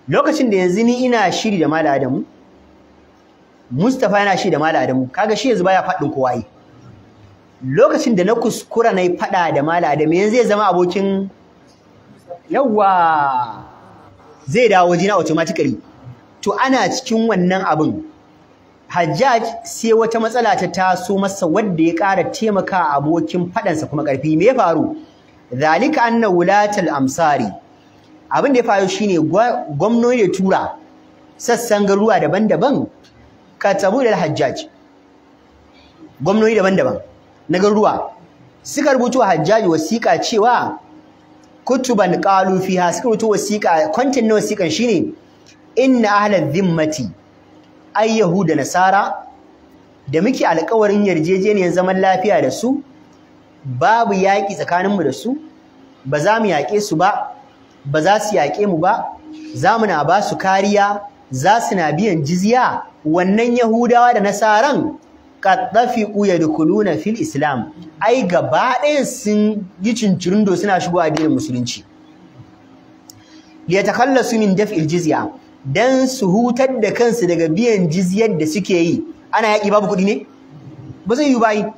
lokacin da yanzu ni ina shiri da malamin Adamu Mustapha yana shiri da malamin Adamu kaga shi yanzu baya faɗin kowa yi lokacin da na kuskura na yi faɗa da mala adam yanzu zai zama abokin yawa zai dawo jina automatically to ana cikin wannan abin hajjaj sai wata matsala ta taso masa wadda ya ƙara taimaka abokin faɗan kuma ƙarfi me ya faru zalika anna wulatal amsari abin da ya faru shine gwamnoni da tura sassan garuruwa daban-daban katabu da hajjaj gwamnoni daban-daban na garuruwa suka rubuta wa hajjaji wasiƙa cewa kutuban qalu fiha suka rubuta wasiƙa Kwantin na wasiƙan shine inna ahlal zimmati ay yahuda nasara da muke alƙawarin yarjejeniyar zaman lafiya da su babu yaƙi tsakaninmu da su ba za mu yaƙe su ba ba za su yaƙe mu ba za mu na ba su kariya za su na biyan jiziya. wannan yahudawa da nasaran qaddafiqu yadkhuluna fil islam ai gaba ɗaya sun yi cincirindo suna shigo addinin musulunci liyatakhallasu min daf'il jizya dan su hutar da kansu daga biyan jizyar da suke yi ana yaki babu kuɗi ne ba zai yi bai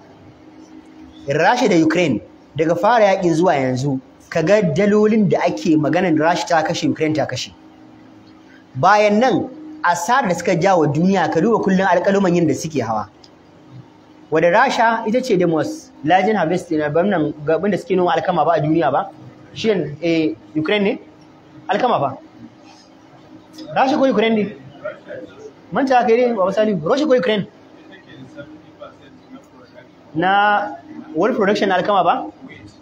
Rasha da Ukraine daga fara yakin zuwa yanzu kaga dalolin da ake maganar Rasha ta kashe Ukraine ta kashe bayan nan asar da suka jawo duniya ka duba kullun alƙaluman yin da suke hawa wadda rasha ita ce da most lajin harvest na gwamnan gabin da suke noma alkama ba a duniya ba shi ne eh, ukraine ne alkama ba rasha ko ukraine ne manta kai ne ba misali rasha ko ukraine na world production na alkama ba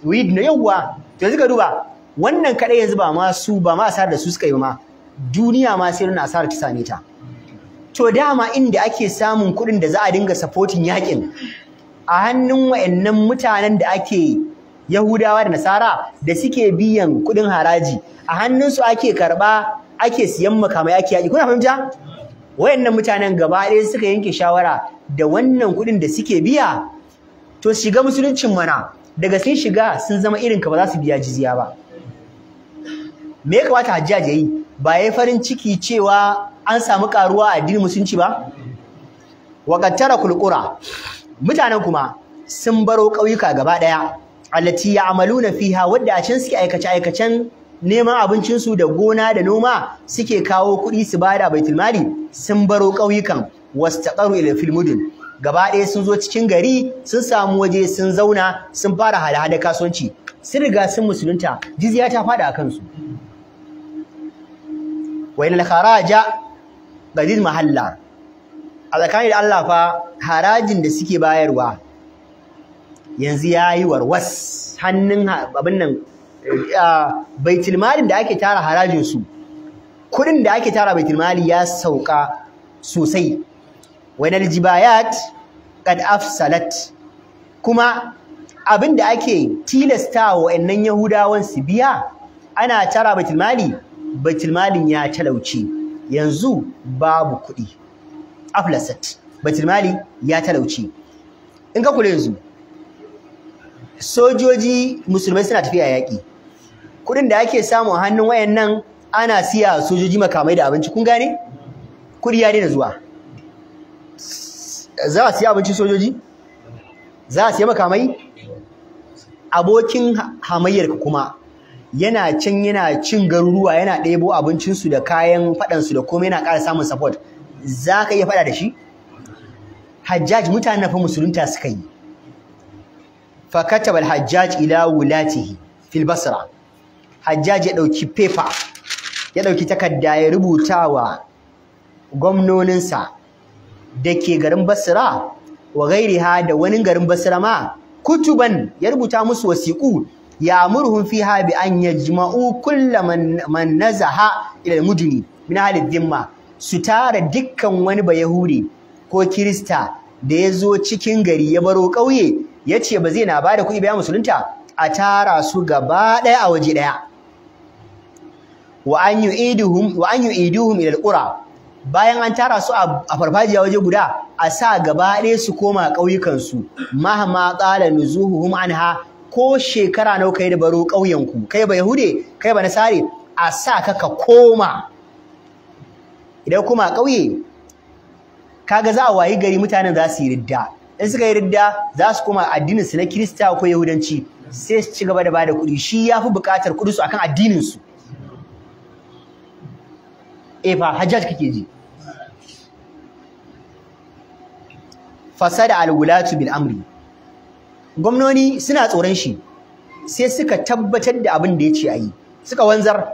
weed na yawwa to yanzu ka duba wannan kadai yanzu ba ma su ba ma asarar da su suka yi ma duniya ma sai nuna asarar ta same ta to dama inda ake samun kuɗin da za a dinga supporting yakin a hannun wayannan mutanen da ake Yahudawa da Nasara da suke biyan kuɗin haraji a hannun su ake karɓa ake siyan makamai ake yaƙi kuna fahimta wayannan mutanen gaba ɗaya suka yanke shawara da wannan kuɗin da suke biya to shiga musuluncin mana daga sun shiga sun zama irin ka ba za su biya jiziya ba me ya kamata hajjaji yayi ba yayi farin ciki cewa an samu karuwa a addinin musulunci ba wa kulkura kulqura mutanen kuma sun baro ƙauyuka gaba daya allati ya'maluna fiha wadda a can suke aikace aikacen neman abincinsu da gona da noma suke kawo kuɗi su bada baitul mali sun baro ƙauyukan wastaqaru ila fil mudun gaba ɗaya sun zo cikin gari sun samu waje sun zauna sun fara hada kasuwanci sun riga sun musulunta jizya ta faɗa a kansu wa kharaja gadil mahalla a tsakanin Allah fa harajin da suke bayarwa yanzu ya yi warwas hannun abin nan eh, ah, baitulmalin da ake tara harajin su kudin da ake tara baitulmali ya sauka sosai wani jibayat kad afsalat kuma abin da ake tilasta wa yahudawan su biya ana tara baitulmali baitulmalin ya talauce. yanzu babu kuɗi aflasat baitul ya talauci in ka kula yanzu sojoji musulmai suna tafiya yaƙi kuɗin da ake samu a hannun wayannan ana siya sojoji makamai da abinci kun gane kuɗi ya daina zuwa za a siya abinci sojoji za a siya makamai abokin hamayyarka kuma yana can yana cin garuruwa yana ɗebo abincinsu da kayan faɗansu da komai yana ƙara samun support za ka iya faɗa da shi hajjaj mutanen fa musulunta suka yi fakatabal hajjaj ila wulatihi fil hajjaj ya ɗauki paper ya ɗauki takarda ya rubuta wa gwamnoninsa da ke garin basra wa gairiha da wani garin basra ma kutuban ya rubuta musu wasiƙu Ya fiha bi an yajma'u kull man nazaha ila al min dhimma su tara dukkan wani bayahudi ko kirista da ya zo cikin gari ya baro ƙauye ya ce ba zai na ba da kuɗi ba musulunta a tara su gaba ɗaya a waje ɗaya wa an yu'iduhum ila alqura bayan an tara su a farfajiya waje guda a sa gaba ɗaya su koma ƙauyukansu mahamma qala nuzuhuhum anha ko shekara nawa kai da baro ƙauyenku kai ba yahude kai ba nasare a sa ka ka koma idan kuma ƙauye kaga za a wayi gari mutanen za su yi ridda in suka yi ridda za su koma addinin su na Kirista ko Yahudanci sai su ci gaba da bada kuɗi shi ya fi buƙatar kuɗi su akan addinin su eh fa hajjaj kake ji fasada al-wulatu bil amri gwamnoni suna tsoron shi sai suka tabbatar da abin da ya ce a yi suka wanzar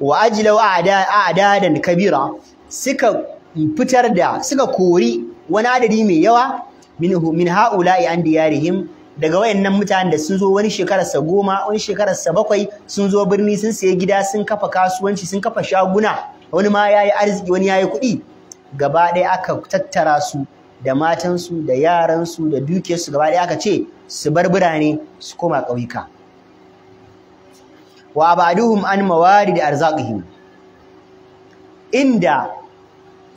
wa ajilau a'dadan kabira suka fitar da suka kori wani adadi mai yawa min ha'ula'i an diyarihim daga wayannan mutanen da sun zo wani shekara sa goma wani shekara sa bakwai sun zo birni sun sayi gida sun kafa kasuwanci sun kafa shaguna wani ma yayi arziki wani yayi kuɗi gaba ɗaya aka tattara su da matansu da yaransu da dukiyarsu gaba ɗaya aka ce su bar birane su koma ƙauyuka wa abaduhum an mawarid da arzaqihim inda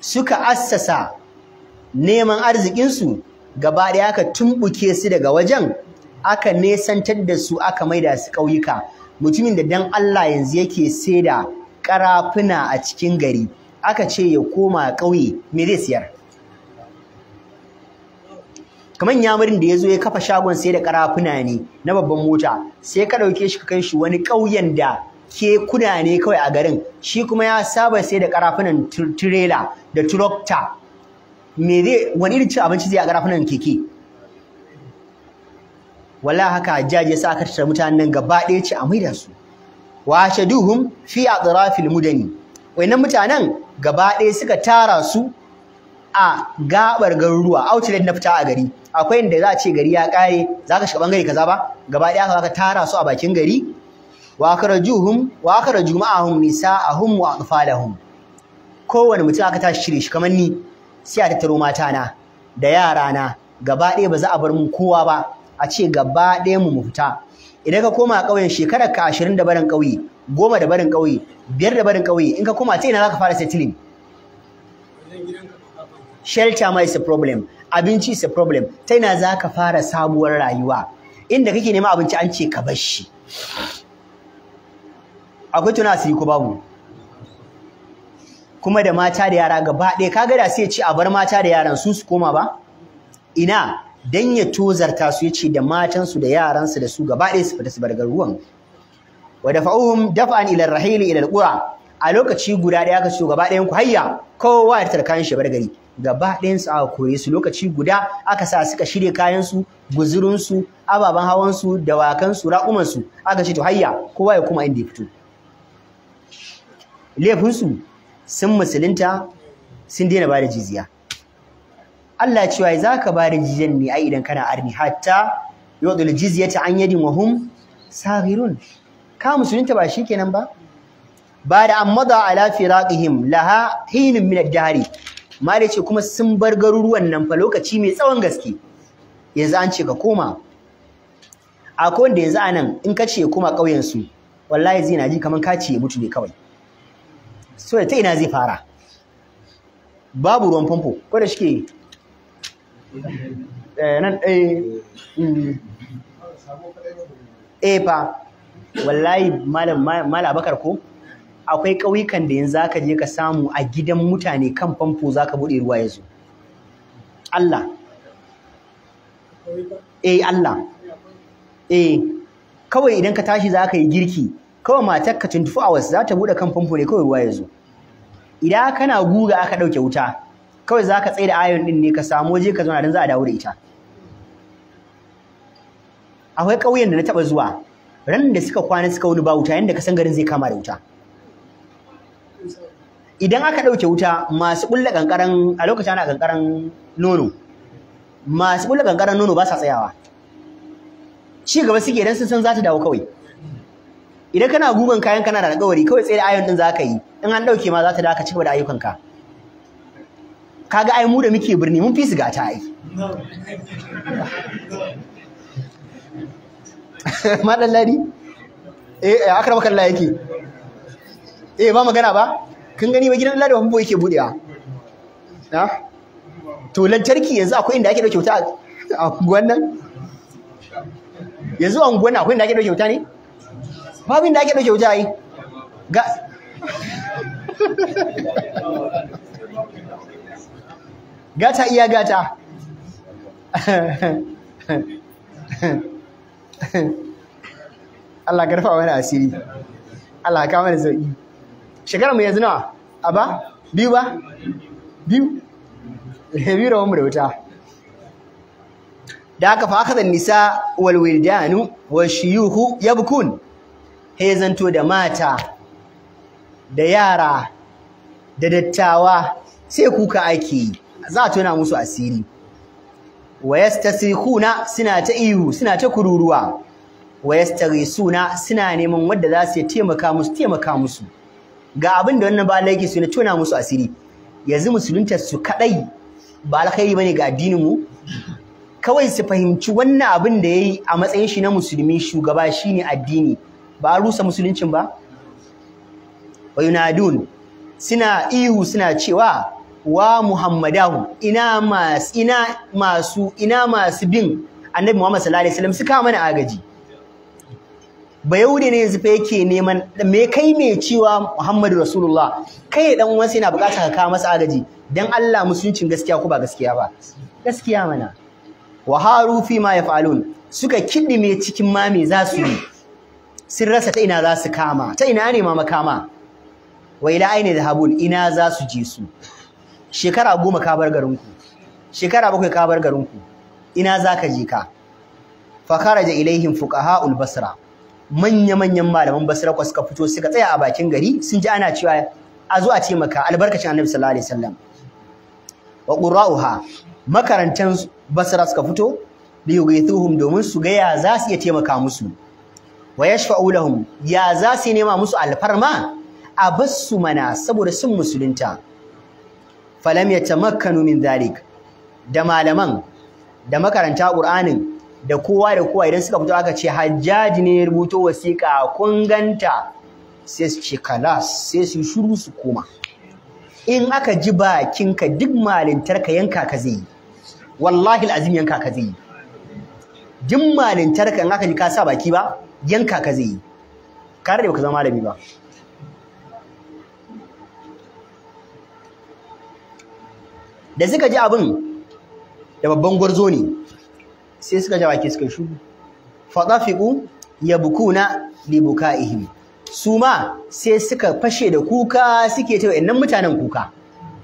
suka assasa neman arzikinsu gaba ɗaya aka tumɓuke su daga wajen aka nesantar da su aka maida su ƙauyuka mutumin da dan Allah yanzu yake saida ƙarafuna a cikin gari aka ce ya koma ƙauye me zai siyar kamar yamurin da ya zo ya kafa shagon sai da karafuna ne na babban mota sai ka ɗauke shi ka kai shi wani ƙauyen da ke kuna ne kawai a garin shi kuma ya saba sai da karafunan tirela da turokta me zai wani irin cin abinci zai a karafunan keke wallahi haka jaji ya aka tattara mutanen nan gaba ɗaya ce a maida su wa shaduhum fi atrafil mudani wayannan mutanen gaba ɗaya suka tara su a gabar garuruwa outlet na fita a gari akwai inda za a ce gari ya kare za ka shiga bangare kaza ba gaba ɗaya ka tara su a bakin gari wa akhrajuhum wa akhraju nisa'ahum wa atfalahum kowane mutum aka tashi shirye shi kamar ni sai a tattaro mata na. da yara na, gaba ɗaya ba za a bar mu kowa ba a ce gaba ɗaya mu fita idan ka koma kauyen shekarar ka ashirin da barin ƙauye goma da barin ƙauye biyar da barin kauye in ka koma ta ina za ka fara settling shelter ma is a problem abinci is a problem ta ina za ka fara sabuwar rayuwa inda kake nema abinci an ce ka bar shi akwai tuna yi ko babu kuma da mata da yara gaba ɗaya kaga da sai ce a bar mata da yaran su su koma ba ina dan ya tozarta su yace da matansu da yaransu da su gaba ɗaya su fita su bar garuwan wa dafa'uhum daf'an ila ar ila al a lokaci guda ɗaya ka ce gaba ɗayan ku hayya kowa ya tarkan shi bar gari gaba ɗayansu aka kore su lokaci guda aka sa suka shirya kayansu guzurinsu ababen hawansu dawakansu raƙumansu aka ce to hayya kowa ya kuma inda ya fito laifinsu sun musulunta sun daina ba da jiziya Allah cewa za ka ba da jiziyan ne ai idan kana arni hatta yudul jizyata an yadin wa hum ka musulunta ba shi kenan ba ba da an mada ala firaqihim laha hinin min ad-dahri Mare ce kuma sun bar garuruwan nan fa lokaci mai tsawon gaske yanzu an ce ka koma akwai wanda yanzu a nan in ka ce koma ƙauyen su wallahi zai na ji kamar ka ce ya mutu ne kawai so da ta ina zai fara babu ruwan famfo ko da shike eh, nan eh, mm. eh fa wallahi malam malabakar ko akwai ƙauyukan da yanzu zaka je ka samu a gidan mutane kan famfo zaka buɗe ruwa ya Allah eh Allah eh kawai idan ka tashi zaka yi girki kawai matar ka 24 hours za ta buɗe kan famfo ne kawai ruwa ya idan kana guga aka ɗauke wuta kawai zaka tsaye da ayon din ne ka samu waje ka zauna dan za a dawo da ita akwai ƙauyen da na taɓa zuwa ran da suka kwana suka wani ba wuta yanda ka san garin zai kama da wuta idan aka ɗauke wuta masu ɓulla ƙanƙaran a lokacin ana ƙanƙaran nono masu ɓulla ƙanƙaran nono ba sa tsayawa ci gaba suke idan sun san za ta dawo kawai idan kana gugan kayan kana da alƙawari kawai tsaye da ayon ɗin za ka yi in an ɗauke ma za ta dawo ka ci gaba da ayyukanka kaga ai mu da muke birni mun fi su gata ai ɗan lari eh, eh akrama kallah yake eh ba magana ba kun gani mai gidan lada bambo yake budewa na to lantarki yanzu akwai inda ake da kyauta a unguwan yanzu a unguwan akwai inda ake da kyauta ne babu inda ake da kyauta yi ga gata iya gata Allah karfa wani asiri Allah ka mana sauki shekarar mu yanzu nawa a ba biyu ba biyu eh, biyu da mu da wuta da haka fa akada nisa walwildanu wildanu wa shiyuhu yabkun he zanto da mata da yara da dattawa sai kuka ake za a tona musu asiri wa yastasikhuna suna ta ihu suna ta kururuwa wa yastaghithuna suna neman wanda za su taimaka musu taimaka musu ga abin da wannan bayan yake so tuna tona musu asiri yanzu musulunta su kadai ba alkhairi bane ga addinin mu kawai su fahimci wannan abin da yayi a matsayin shi na musulmi shugaba shine addini ba a rusa musuluncin ba wa suna ihu suna cewa wa muhammadahu ina masu ina masu ina masu bin annabi muhammad sallallahu alaihi wasallam suka mana agaji bayaure ne Zufa yake neman me kai mai cewa Muhammadu Rasulullah kai dan uwansa yana bukatar ka kawo masa agaji dan Allah musuncin gaskiya ko ba gaskiya ba gaskiya mana wa haru fi ma yafalun suka mai cikin ma me za su yi sun rasa ta ina za su kama ta ina ne ma makama wa ila aini dhahabun ina za su je su shekara goma ka bar garinku shekara bakwai ka bar garinku ina za ka je ka fa kharaja ilaihim ha basra manya-manyan malaman basira suka fito suka tsaya a bakin gari sun ji ana cewa a zuwa a ce maka albarkacin annabi sallallahu alaihi wasallam wa qurra'uha makarantan basira suka fito liyughithuhum domin su ga ya za su iya taimaka musu wa yashfa'u lahum ya za su nema musu alfarma a bassu mana saboda sun musulunta falam yatamakkanu min dhalik da malaman da makaranta qur'anin da kowa da kowa idan suka fito aka ce hajjaji ne ya rubuto wasiƙa kun ganta sai su ce kalas sai su shuru su koma in aka ji bakinka duk ka yanka ka zai yi wallahi azim yanka ka zai yi duk ka in aka ji ka sa baki ba yanka ka zai yi ka rade baka zama malami ba da suka ji abin da babban gwarzo ne sai suka ja baki suka shugu fadafiqu yabkuna li bukaihim su ma sai suka fashe da kuka suke ta wayannan mutanen kuka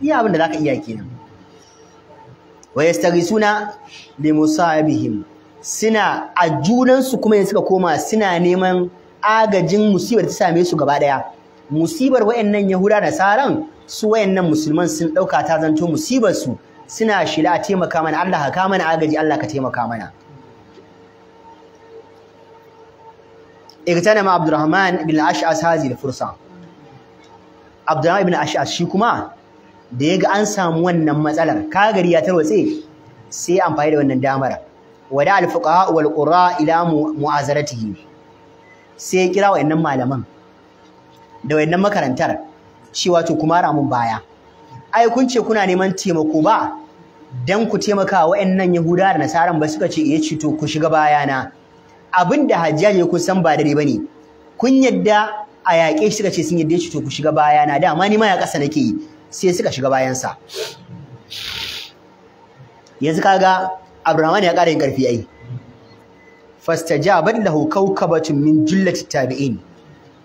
iya abin da zaka iya kenan wa yastaghisuna bi suna a junansu kuma yanzu suka koma suna neman agajin musibar ta same su gaba daya musibar wayannan yahuda da saran su wayannan musulman sun ɗauka ta zanto musibar su suna shila a taimaka mana Allah ka kama mana agaji Allah ka taimaka mana igtana ma Abdurrahman bin Ash'as hazi da fursa Abdurrahman bin Ash'as shi kuma da ya ga an samu wannan matsalar kagari ya tarwatse sai amfani da wannan damar wada al-fuqaha wal qura ila mu'azaratihi sai ya kira wayannan malaman da wayannan makarantar cewa to kuma ramun baya ai kun ce kuna neman taimako ba dan ku taimaka wa waɗannan Yahuda da Nasaran ba suka ce yace to ku shiga bayana abin da Hajjaj ya kusan ba dare ne. kun yadda a yaƙe shi suka ce sun yadda ya to ku shiga bayana da dama ni ma ya ƙasa nake yi sai suka shiga bayansa yanzu kaga Abdurrahman ya ƙara yin ƙarfi ai fastajabat lahu kawkabatun min jullati tabi'in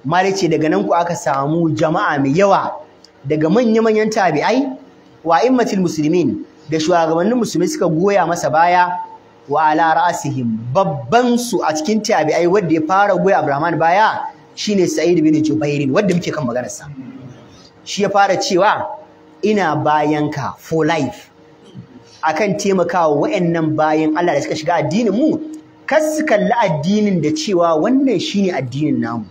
mali ce daga nan ku aka samu jama'a mai yawa daga manya-manyan tabi'ai wa immatil Musulmin. da shugabannin musulmi suka goya masa baya wa ala ra'asihim babban su a cikin tabi'ai wanda ya fara goya Abrahman baya shine Sa'id bin Jubairin wanda muke kan maganar sa shi ya fara cewa ina bayanka for life akan taimakawa waɗannan bayan Allah da suka shiga addinin mu kar su kalli addinin da cewa wannan shine addinin namu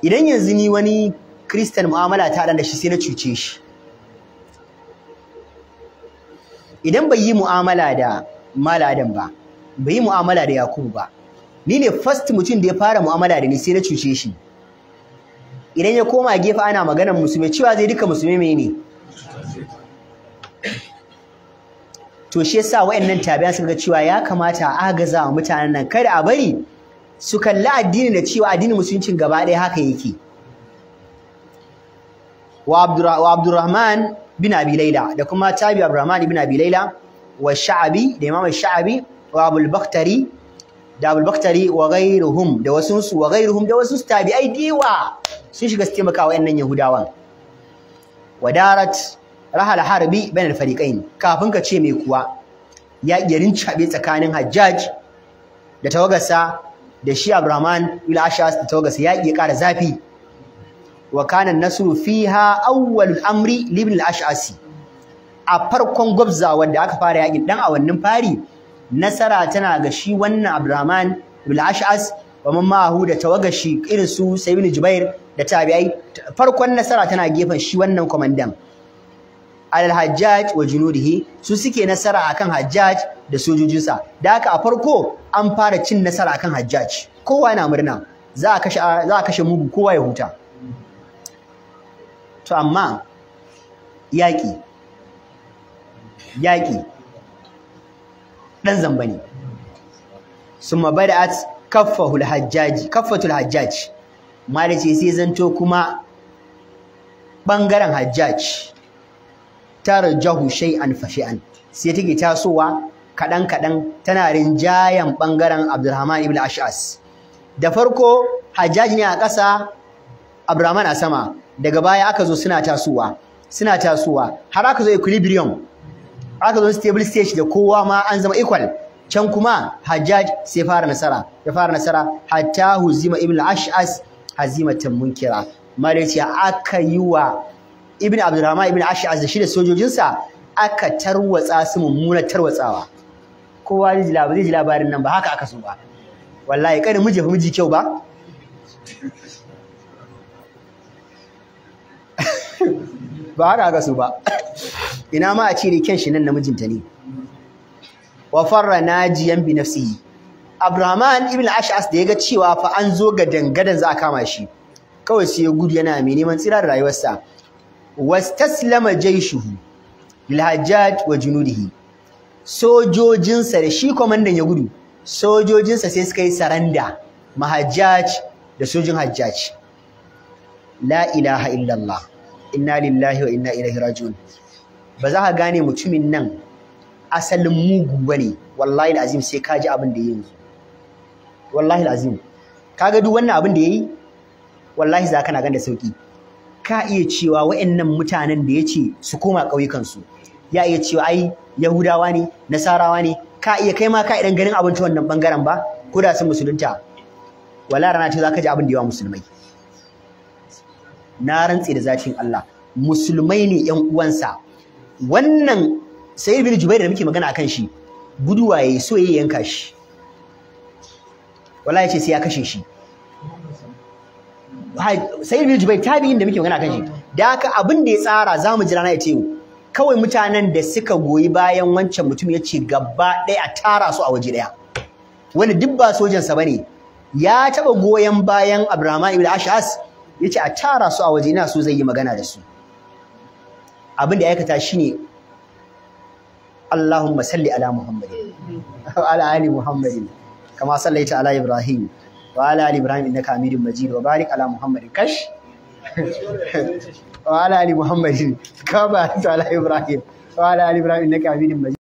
idan yanzu ni wani kristan mu'amala ta da shi sai na cuce shi idan bai yi mu'amala da maladan ba bai yi mu'amala da yakubu ba ni ne first mutum da ya fara mu'amala da ni sai na cuce shi idan ya koma gefe ana maganar musulmi cewa zai duka musulmi mai ne to shi yasa wayannan tabiya suka ga cewa ya kamata a agaza wa mutanen nan kada a bari su kalli addini da cewa addinin musuluncin gaba ɗaya haka yake wa Abdurrahman bin Abi Laila da kuma Tabi Abdurrahman bin Abi Laila wa Sha'abi da Imam Sha'abi wa Abul Bakhtari da Abul Bakhtari wa ghairuhum da wasu su wa ghairuhum da wasu ai diwa sun shiga su taimaka wa yannan Yahudawan wadarat rahal harbi bain al-fariqain kafin ka ce mai kuwa ya yarin cabe tsakanin Hajjaj da tawagarsa da shi Abdurrahman ila Ashas da tawagarsa ya ƙara zafi wa kana nasru fiha awwalul amri libn al-ash'asi a farkon gwabzawar da aka fara yakin dan awannin fari nasara tana ga shi wannan Abdurrahman ibn al-ash'as wa man da tawagashi irin su sayyid jubair da tabi'ai farkon nasara tana gefen shi wannan komandan alal hajjaj wa junudihi su suke nasara akan hajjaj da sojojinsa da haka a farko an fara cin nasara akan hajjaj kowa na murna za za a kashe mugu kowa ya huta to amma yaƙi yaƙi ɗan zamba ne ma bada kaffahu al-hajjaji kaffatul hajjaji ce sai zanto kuma bangaren hajjaj tarjahu shay'an fashe an. sai take tasowa kaɗan kaɗan tana rinjayan ɓangaren Abdulrahman ibn Ash'as da farko hajjaji ne a ƙasa Abdurrahman a sama daga baya aka zo suna tasowa suna tasowa har aka zo equilibrium aka zo stable stage da kowa ma an zama equal can kuma Hajjaj sai fara nasara ya fara nasara hatta huzima ibn al-ash'as hazimatan munkira malaysia aka yi wa ibn abdurrahman ibn ash'as da shi da sojojinsa aka tarwatsa su mummuna tarwatsawa kowa zai ji labarin nan ba haka aka so ba wallahi kada miji fa miji kyau ba ba har aka su ba ina ma a ce ne kyan shi nan namijinta ne wa farra najiyan bi nafsihi Abrahaman ibn Ash'as da ya ga cewa fa an zo ga dangadan za a kama shi kawai sai ya gudu yana mai neman tsira da rayuwarsa wastaslama jaishuhu lil wa junudihi sojojinsa da shi kwamandan ya gudu sojojinsa sai suka yi saranda mahajjaj da sojin hajjaj la ilaha illallah inna lillahi wa inna ilaihi raji'un ba za ka gane mutumin nan asalin mugu bane wallahi alazim sai ka ji abin da yayi wallahi alazim kaga duk wannan abin da yayi wallahi za kana ganda sauki ka iya cewa wa'annan mutanen da yace su koma ƙauyukan su ya iya cewa ai yahudawa ne nasarawa ne ka iya kai ma ka idan ganin abinci wannan bangaren ba ko da sun musulunta wala rana ce za ka ji abin da yawa musulmai na rantse da zatin Allah musulmai ne ƴan uwansa wannan sayyid bin jubair da muke magana akan shi guduwa yayi so yayi yanka shi wallahi ce sai ya kashe shi sayyid bin jubair tabi'in da muke magana akan shi da haka abin da ya tsara zamu jira na ya ce kawai mutanen da suka goyi bayan wancan mutum ya ce gaba ɗaya a tara su a waje ɗaya wani duk ba sojansa bane ya taɓa goyon bayan Abdurrahman ibn Ash'as Yace a tara su a waje na so zai yi magana da su abin da ya aikata shine Allahumma salli ala Muhammad. wa ala ali Muhammad kama sallaita ala Ibrahim wa ala ali Ibrahim innaka Hamidum Majid wa barik ala Muhammad kash wa ala ali Muhammad kama sallaita ala Ibrahim wa ala ali Ibrahim innaka Hamidum Majid